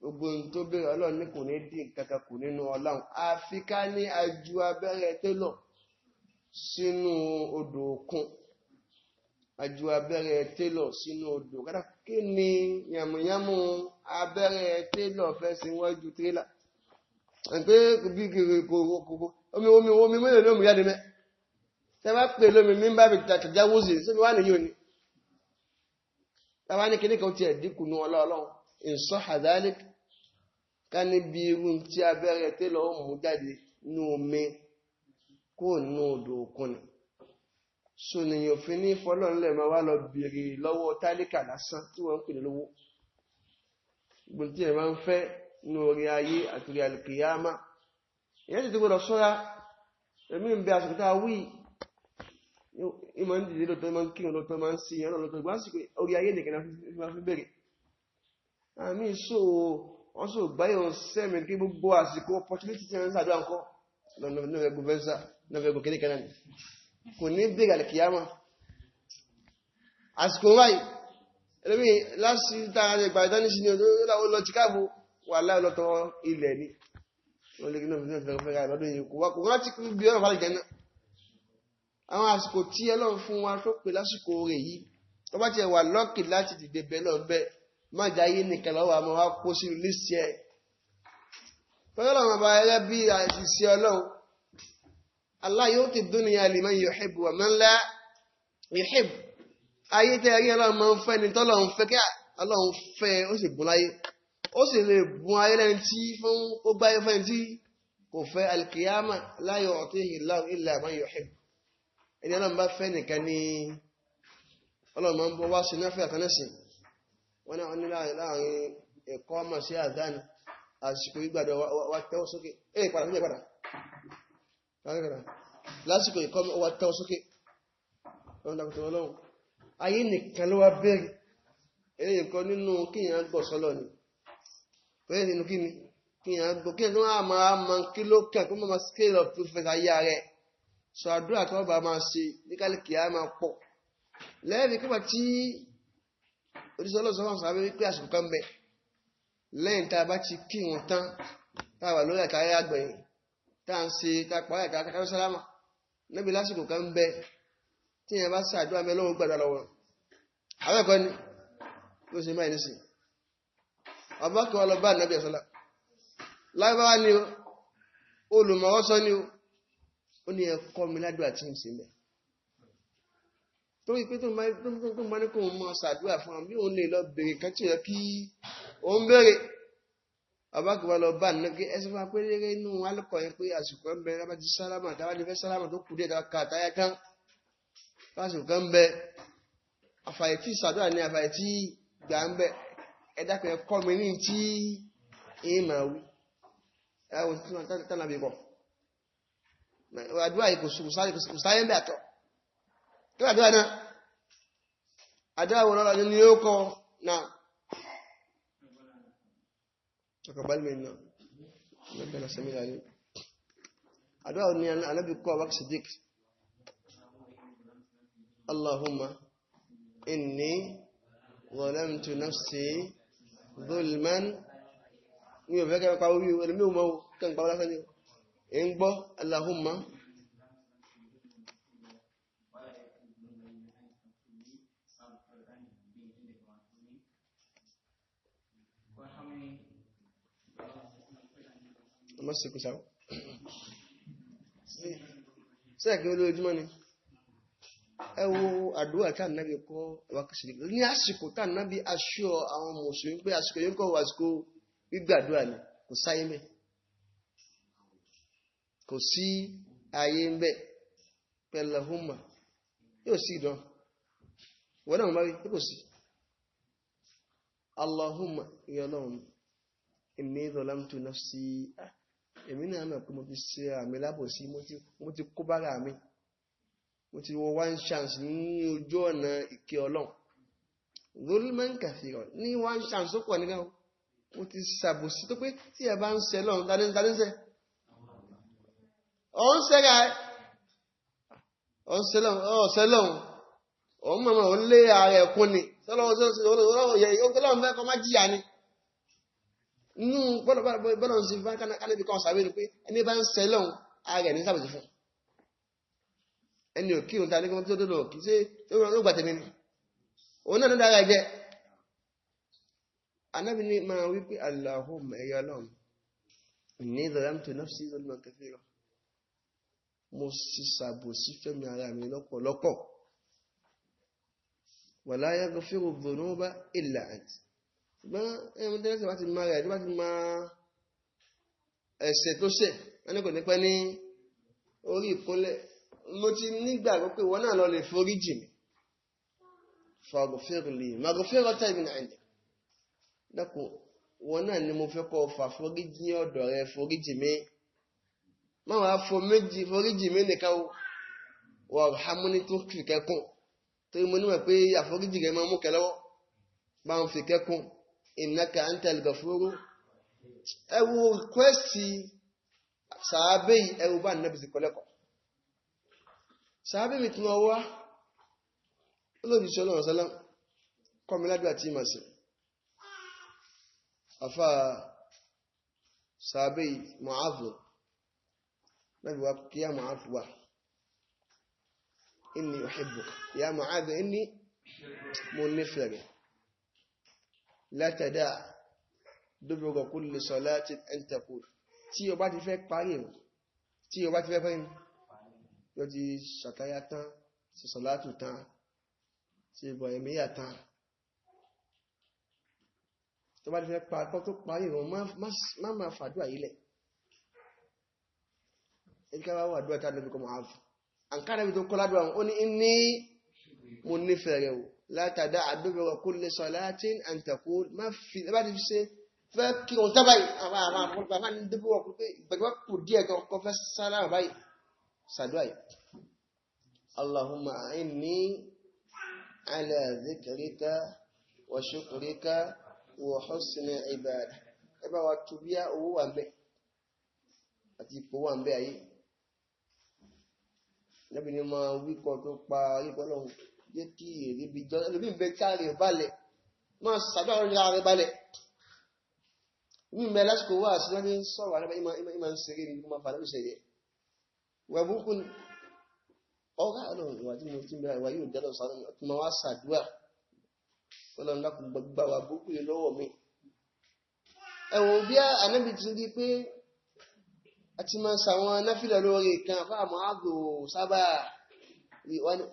gbogbo ohun tó bèrè ọlọ́run ní kò ní dín kankan kù nínú ọlọ́run àfi ká ní aju abẹ́rẹ́ télọ̀ sínú odò òkun aju abẹ́rẹ́ télọ̀ sínú odò kátà kí ni yàmùyàmù abẹ́rẹ́ télọ̀ fẹ́ sí wájú tírélà pé bí kiri kòkòkò omi omi omi mélòó ló mú jáde mẹ́ tẹ bá pè lómi mi bá mi tàkàjá wúzi sómi wà nìyí òní tàbá ní kíníkan tiẹ̀ dínkù nù ọlọ́ọ̀lọ́run in ká níbi irú tí abẹ́rẹ́ télọ̀ ó mú jáde ní omi kúrò nínú odò òkun ni sùnìyàn fi ní fọlọ́nlẹ̀ máa wá lọ bèrè lọ́wọ́ tálíkà lásán tí wọ́n ń pè lówó gbogbo tí ẹ̀ máa ń fẹ́ ní orí ayé àti orí alìkìyàmá ìyẹn ti ti gbọdọ̀ sọ́ra ẹ̀mí ń bẹ àsìkò tá a wí ìmọ̀ ń dìde lóòótọ́ máa ń kírun lóòótọ́ máa ń sí ìyẹn lóòótọ́ ìgbà àsìkò orí ayé nìkan náà fi fi bèrè àmì ìṣòro wọ́n sọ báyọ̀ sẹ́mìn kí gbogbo àsìkò opportunity ti ń sàdúrà ńkọ́ lọ́nàfẹ́gùn vẹ́nsà lọ́nàfẹ́gùn kéde kanáà kò ní bèèrè àlẹ́kìyàmà àsìkò wáyé ẹlẹ́mí láti dára rẹ̀ gbà ìdánisí ni ó lọ ti káàbù wà láìlọ́tọ̀ ilẹ̀ ni wọ́n lè gbé náà fẹ́ fẹ́ lọ́dún yìí kò wá kò rántí kí bí ọ̀rọ̀ fàlẹ̀ jẹ́nà àwọn àsìkò tí Ọlọ́run fún wa tó pè lásìkò rẹ̀ yìí tó bá tiẹ̀ wà lọ́kì láti dìde bẹ́ẹ̀ lọ́ọ́ bẹ́ẹ̀ má jayé nìkan lọ́wọ́ àmọ́ wá kó sínú lísì ẹ̀. Fẹ́lẹ́ ọmọ bá ẹgbẹ́ bí àṣìṣe ọlọ́run. Allah yu'ti dunya liman yuhibbu wa man la yuhibbu. Ayé tẹ́ rí ọlọ́run máa ń fẹ́ ni tọ́lọ́run fẹ́ kí ọlọ́run fẹ́ ó sì bùn láyé. Ó sì lè bùn ayé lẹ́ni tí fún ó gbáyé fẹ́ tí kò fẹ́ al-qiyama la yu'tihi Allahu illa man yuhibbu. Ẹni ọlọ́run bá fẹ́ nìkan ni ọlọ́run máa ń bọ́ wá sí náfẹ́ àtàlẹ́sìn wọ́n náà ní láàrin ẹ̀kọ́ ọmọ sí àdán àsìkò ìgbàdọ̀ wa tẹ́wọ́ sókè ẹ̀ padà nílẹ̀ padà lásìkò ìkọ́ wa tẹ́wọ́ sókè wọ́n dàkùtù ọlọ́run ayé nìkan ló wá bẹ̀rẹ̀ ẹ̀rẹ́ nìkan nínú kíyàn gbọ̀ sọ́lọ̀ ni pẹ̀lú nínú kí ni kíyàn gbọ̀ kíyàn tó máa máa ma kí ló kàn kó máa scale of prefect ayé rẹ̀ sọ àdúrà tó bá máa ṣe ní kálíkì á máa pọ̀ lẹ́yìn kí wọ́n ti òjíṣẹ́ ọlọ́sọ fáwọn sàbẹ̀ wípé àsìkò kan bẹ lẹ́yìn tá a bá ti kí wọn tán tá a wà lórí àtàrí àgbẹ̀yìn tá a ń ṣe tá a parí àtàrí àtàrí sálámà níbi lásìkò kan bẹ tí yẹn bá ṣàdúrà mẹ́ lọ́wọ́ àwọn ni ló ṣe máa ọba kan lọ bá nàbí ẹ̀sọ́lá lágbára ni o ni ó ní mi ládùúgbà tí torí pé tó ń bá ní kó mọ ṣàdúrà fún wa bí òun lè lọ bèrè kan tí ó yẹ kí òun béèrè abákùnrin lọ bá nínú kí ẹsẹ fún apẹlẹrẹ inú alukọ yẹn pé àsìkò ń bẹ lábàtí sálámà táwa ní fẹ sálámà tó kù díẹ̀ táwa ká àtàyà tán lásìkò ń bẹ àfàyè tí ṣàdúrà ní àfàyè tí gbà ń bẹ ẹ̀dá kan kọ́ mi ní tí èyí máa wí ẹ̀dá kan tí wọn tán àbí kọ àdúrà yìí kò sáré ń bẹ kí ló àdúrà náà àdúrà wo lọ́la ni ó kọ náà taqabbal minna rabbana samil alim àdúrà wo ni anábì kọ́ Abubakar Siddiq Allahumma inni zalamtu nafsi zulman mi ò fẹ́ kẹ́ pa orí ẹlẹ́mí ò mọ́ kẹ́ ń pa ọlá sẹ́ni ẹ̀ gbọ́ Allahumma mọ́sẹ̀kùsàwọ́ sẹ́ẹ̀kì olóòjúmọ́ ni ẹ wo àdúrà tí ànábì kọ́ ẹwàkàṣìlẹ̀ ní àsìkò tí aṣọ àwọn mùsùlùmí pé àsìkò yóò kọ́ wà ni kò sáyé mẹ́ kò sí ayé ń bẹ pẹ̀lẹ̀húnmà yóò sí sí Allahumma inni zalamtu nafsi èmi náà mọ̀ pé mo ti ṣe àmì lábòsí mo ti kó bára mi mo ti wọ one chance ní ojú ọ̀nà ìkẹ́ ọlọ́run rolman kàfihàn ní one chance ó pọ̀ nígbà mo ti ṣàbòsí tó pé tí ẹ bá ń ṣe lọ́run tadéńtadéńsẹ̀ ọ̀ ń ṣẹ́ra ẹ̀ ọ̀ ń ṣe lọ́run ọ̀ ṣe lọ́run ọ̀ ń mọ̀mọ́ ọ̀ ń lé ara ẹ̀kún ni sọ́lọ́wọ́ sọ́lọ́wọ́ yẹ ọ̀gọ́lọ́run fẹ́ kọ́ má jìyà ni inú bọ́lọ̀ ń sin fún kánàbí kan sàbẹ̀ ni pé ẹni bá ń sẹ lọ́hùn ara ẹ̀ ní sàbẹ̀sì fún ẹni òkì òǹta nígbà tó dọ̀dọ̀ kì í ṣe ó gbà tẹ̀mí ni òun náà ló dára ẹ jẹ́ anábì ní máa wí pé Allahumma ẹ̀yà ọlọ́run ní zalamtu nafsi zulman kathira mo sì ṣàbòsí fẹ́mi ara mi lọ́pọ̀lọpọ̀ wala yaghfiru dhunuba illa anta ṣùgbọ́n ẹ̀wọ̀n tẹ́lẹ̀sẹ̀ bá ti máa rẹ̀ tó bá ti máa ẹ̀ṣẹ̀ tó ṣẹ̀ wọ́n ní kò ní pẹ́ ní orí ìkúnlẹ̀ mo ti nígbàgbọ́ pé wọ́n náà lọ lè forí jì mí fàgòfèrèlè màgòfèrèta ìbí náà ẹ̀jẹ̀ dákun wọ́n náà ni mo fẹ́ kọ́ fà forí jì ọ̀dọ̀ rẹ forí jì mí máa wá fo méjì forí jì mí nìkan o wà hàmúni tó fi kẹ́kùn torí mo níwọ̀n pé àforíjì rẹ máa mú kẹ lọ́wọ́ bá ń fi kẹ́kùn innaka antal gafuru ẹ wo rìkwẹ́sì sàábẹ́ yìí ẹ wo bá nàbì sí kọ́lẹ́kọ̀ọ́ sàábẹ́ mi tún ọwọ́ olóòbí sọ́lọ́ ọ̀sálá kọ́míládùá tí mà sí àfà sàábẹ́ yìí mọ̀áfù nàbì wa kí á wa inni uhibbuka ya Mu'adh inni mo la tada' dubura kulli salatin an taqul tí o bá ti fẹ́ parí ìrun tí o bá ti fẹ́ parí yóò ti ṣàtàyà tán sí sọ̀látù tán sí ìbọ̀ẹ̀míyà tán tó bá ti fẹ́ pàkọ́ tó parí ìrun má ma fàdúrà ilẹ̀ ìkára wà dúrà tàbí kọmọ̀ ààfù àǹkárẹ́bí tó kọ́lá ó ní ní mo nífẹ̀ẹ́ rẹ̀ wò látàdá àdúgbò kulli salatin an taqul má fi bá ti fi ṣe fẹ́ kí òun tá báyìí àwọn àwọn àwọn bàbá ní dúpọ̀ wọn pé ìgbàgbọ́ kù díẹ̀ kan kọ́ fẹ́ sára báyìí sàdúrà yìí. Allahumma a'inni ala dhikrika wa shukrika wa husni ibada. Ẹ bá wa tu owó wà ń bẹ̀ àti ipò wà ń bẹ̀ ayé. Lẹ́bi ni mo tó pa ikọ́ lọ́hùn jẹ́ kí èrè bí jọ ẹlòmíì bẹ tí ààrẹ balẹ̀ máa ṣàdúrà lórí ààrẹ balẹ̀ mí mẹ lásìkò wá sí wọn ní sọ̀rọ̀ àrẹ ìmọ̀ ìmọ̀ ń ṣeré ní ìmọ̀ fàdánù ṣẹlẹ̀ wà burúkú ni ọ̀rá ọlọ́run ìwà tí mo ti ń bẹ̀rẹ̀ ìwà yóò jẹ́ lọ sáré ọtí máa wá ṣàdúrà ọlọ́run lákùn gbà wà burúkú yìí lọ́wọ́ mi ẹ̀wọ̀n bí anábì ti rí pé a ti máa ṣàwọn náfìlẹ̀ lórí kan fáwọn àgbò sábàá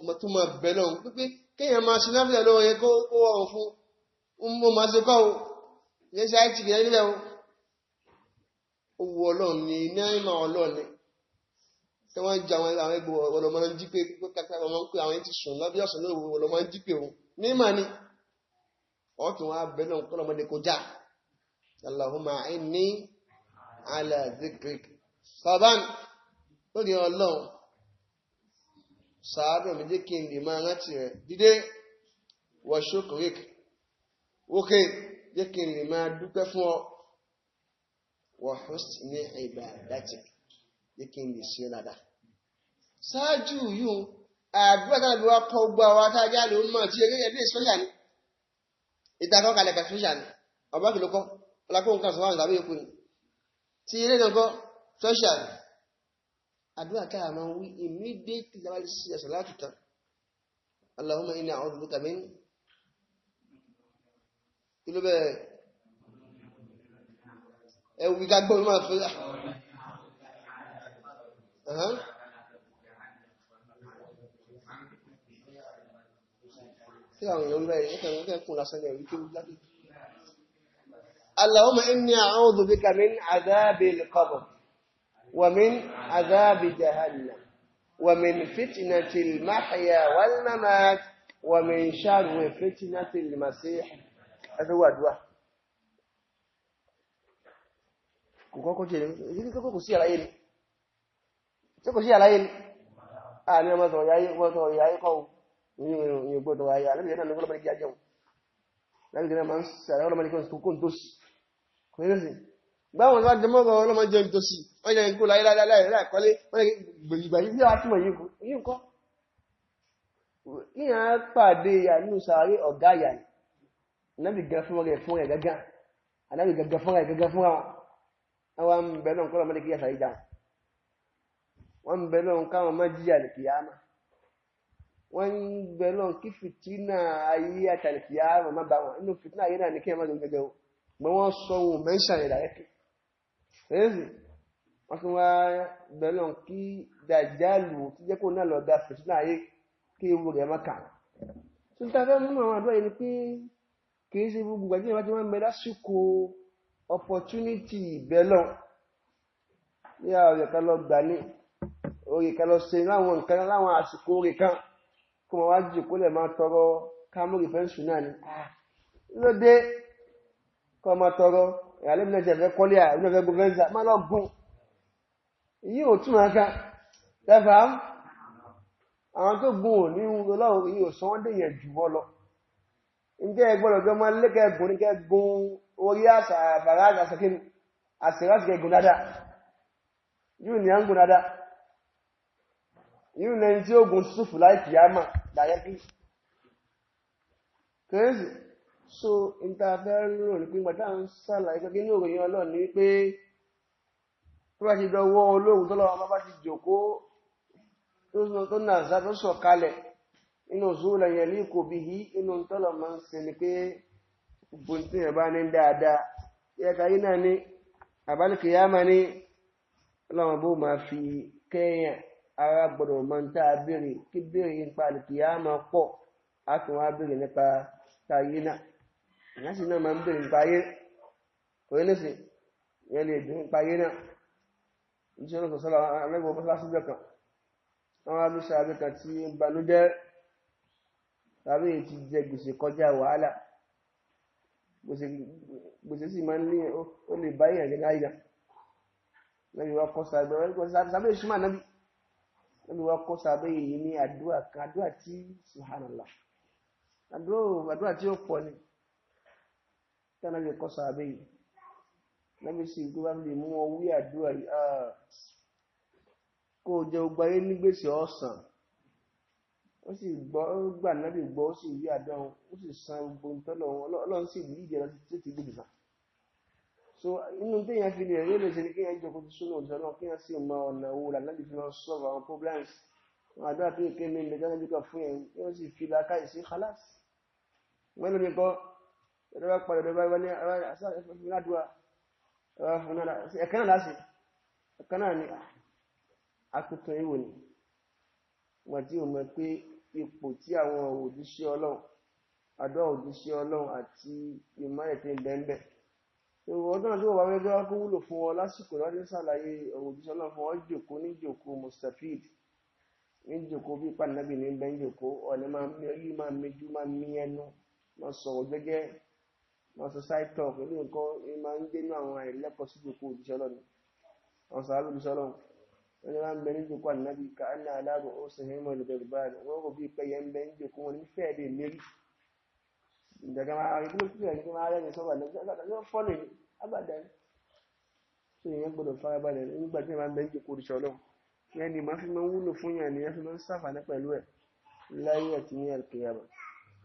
mọ̀túnmọ̀ bẹ̀lọ̀ pípé kéèyàn máa ṣe náfíà lọ́wọ́ yẹ kó wọ́n fún mo máa ṣe kọ́ o yẹ ṣe àìtì kìí nílẹ̀ o ó wu ọlọ́run ní iná ìmọ̀ ọlọ́run ni tí wọ́n jẹ àwọn àwọn ẹgbẹ́ ọlọ́mọ náà ń jí pé kàkà ọmọ ń pè àwọn ti sùn lábẹ́ ọ̀sán lóru ọlọ́mọ ń jí pé òun ní mà ni ọ̀kì wọn abẹ́lẹ̀ nǹkan ọmọdé kò já Allahumma inni ala zikrik sọ̀bán lórí ọlọ́run sàánù mi jẹ́ kí n lè máa rántí rẹ̀ dídé wọ ṣókòrèkì wókè jẹ́ kí n lè máa dúpẹ́ fún ọ wọ host ní ìgbà dájẹ́ jẹ́ kí n lè ṣe dada ṣáájú yìí àdúrà tàbí wá kọ gbọ́ àwọn atájá ló mọ̀ tí eré ẹ̀dẹ́ ìsọ́jà ni ìdákọ́ kalẹ̀ kàfíṣà ni ọba kìlókọ́ ọlákóhùn kan sọ fún àwọn ìgbàgbé yòókù ni tí eré náà kọ́ sọ́ṣà ni أدوها كامان وي إميديت لبال السيدة صلاة تتر اللهم إني أعوذ بك من كله بي أو بي قول ما أفضل أه سلام يوم بي اللهم إني أعوذ بك من عذاب القبر ومن عذاب جهنم ومن فتنة المحيا والممات ومن شر فتنة المسيح هذا هو الدعاء kòkòkò jẹ́rẹ̀ ìdí kòkò kò sí àlàyé ni tí kò sí àlàyé ni a ní ọmọ tọ̀rọ̀ yáyé ọmọ tọ̀rọ̀ yáyé kọ́ ìyìn gbọ́dọ̀ ayé alẹ́bìnrin náà ní ọlọ́mọdé kí á jẹun lábìnrin náà máa ń sàrẹ́ ọlọ́mọdé kí ó gbáwọn ọ̀sán jẹmọ́rọ̀ ọlọ́mọ jẹ́ ibi tó sí wọ́n jẹ́ ikú láyé láyé láìkọ́lé wọ́n jẹ́ gbèrìgbà yìí wá túnmọ̀ yìí kọ́ yíyàn pàdé àánú sàárè ọ̀gá àyà nábì gan fún rẹ̀ fún rẹ̀ gángan ànábì gangan fún rẹ̀ gangan fún wọn àwọn ń bẹ̀ lọ́n kọ́lọ́ mọ́lẹ́ kí yàtà ìjà wọ́n ń bẹ̀ lọ́n káwọn má jíyà lè kìí àmà wọ́n ń bẹ̀ lọ́n kí fìtínà ayé àtàlẹ̀ kìí àmà bá wọn inú fìtínà ayé náà ní kí ẹ má lọ gẹ́gẹ́ wọ́n sọ ohun mẹ́ńṣà rẹ̀ ẹ̀yẹ́sì wọ́n tún wá bẹ̀rẹ̀ lọ́n kí dàjálù tí jẹ́ kó náà lọ da fìtínà ayé kí ewu rẹ̀ má kà. tún tá a fẹ́ mú àwọn àdúrà yìí ni pé kì í ṣe gbogbo ìgbà tí ìyẹn bá ti máa ń bẹ lásìkò opportunity ìbẹ́lọ̀ yá ọ̀rẹ́ kan lọ gbà ní orí kan lọ ṣe láwọn nǹkan láwọn àsìkò orí kan kó máa wá jù kó lè máa tọrọ kámúrì fẹ́ǹsì náà ni ah, lóde kó máa tọrọ ìyàlẹ́bìnẹ́sẹ̀ fẹ́ kọ́lé àìbìnẹ́fẹ́ gọ́fẹ́nsà má lọ gùn yí ò túnmọ̀ ká lẹ́fà àwọn tó gùn ní ọlọ́run yí ò sọ́wọ́n dèyàn jù wọ́ lọ ǹjẹ́ ẹgbọ́nà tó máa lẹ́kẹ́ gùn ní kẹ́ gùn orí àṣàbàrá àṣàkín àṣìráṣìkẹ́ gùn dáadáa yóò ní à ń gùn dáadáa yóò lẹ́ni tí ó gùn so ìtafẹ́ rò ní pé gbàdá ń sàlàyé pé nínú ìròyìn ọlọ́run ni pé tó bá ti dọwọ́ bá ti tó nà zá tó sọ kalẹ̀ yẹn ní kò bí tọ́lọ̀ máa ń ni pé ẹ̀ bá ní dáadáa yẹ fi kẹ́yìn ara gbọ́dọ̀ máa ń tá a béèrè kí béèrè yín pa àlùkì ìyá sì náà máa ń bèèrè nípa ayé kò yé lèsè ìyẹn lè dùn nípa ayé náà níṣẹ́ ló sọ̀sọ́ alẹ́gbọ̀n bọ́sá síbẹ̀ kan àwọn alóṣà abẹ́ kan tí ń banújẹ́ tàbí èyí ti jẹ gbèsè kọjá wàhálà gbèsè sì máa ń ní ó lè bá èèyàn jẹ láyé náà lẹ́yìn wọ́n kọ́ sábẹ́ wọ́n kọ́ sábẹ́ ìṣúmọ̀ náà lẹ́nu wa kọ́ sábẹ́ yìí ní àdúrà kan àdúrà tí subhanallah àdúrà tí ó pọ̀ ni kánàbì kọ́ sàbẹ̀ yìí nábì sì tó bá lè mú wọn wí àdúrà yìí ah, kó o jẹ ogun ayé nígbèsè ọ̀sán ó sì gbọ́ ó gbà nábì gbọ́ ó sì wí àdán ó sì san gbogbo ntọ́lọ̀ wọn ọlọ́run sì wí ìjẹ́ra tó ti gbèdì sàn. so inú téèyàn fi lè rí lè ṣe ni kéèyàn jọ kó ti súnmọ́ òjò náà kéèyàn sì mọ ọ̀nà wo là nábì fi máa sọ̀rọ̀ àwọn problems wọn àdúrà tó yẹ kéèmí ìgbẹ́jọ́ nábì kan fún yẹn kéèyàn sì fi làákàyè sí kálásì ẹ̀rọ bá padà dọ̀bá wọn ní aládùúwà ẹ̀kan náà láti ẹ̀kan náà ni akutan ìwò ni wọ́n tí ó mọ̀ pé ipò tí àwọn òjíṣẹ́ ọlọ́run àdúrà òjíṣẹ́ ọlọ́run àti ìmọ̀lẹ̀ tí ń bẹ́ẹ̀ ọdún àti òwà wẹ́gẹ́ wá kó wúlò fún ọ lásìkò lọ́dún sàlàyé ọ̀rọ̀ òjíṣẹ́ ọlọ́run fún ọ jòkó ní jòkó mustafid ní jòkó bí pàdánàbì ní bẹ́ẹ̀ jòkó ọ̀nà máa ń yí máa ń mejú máa ń mí ẹnu máa sọ̀rọ̀ gẹ́gẹ́ wọ́n sọ side talk ní nǹkan máa ń gbé ní àwọn àìlẹ́kọ̀ọ́ sí ìjòkó òjíṣẹ́ lọ́nà àwọn sàárò òjíṣẹ́ lọ́nà wọ́n ní máa ń bẹ ní ìjòkó ànábì ká á ní aláàbò ó sì hẹ́mọ̀ ìlú bẹ̀rù báyìí wọ́n kò bí pé yẹn ń bẹ ní ìjòkó wọn ní fẹ́ẹ̀ máa rẹ́ni sọ́wọ́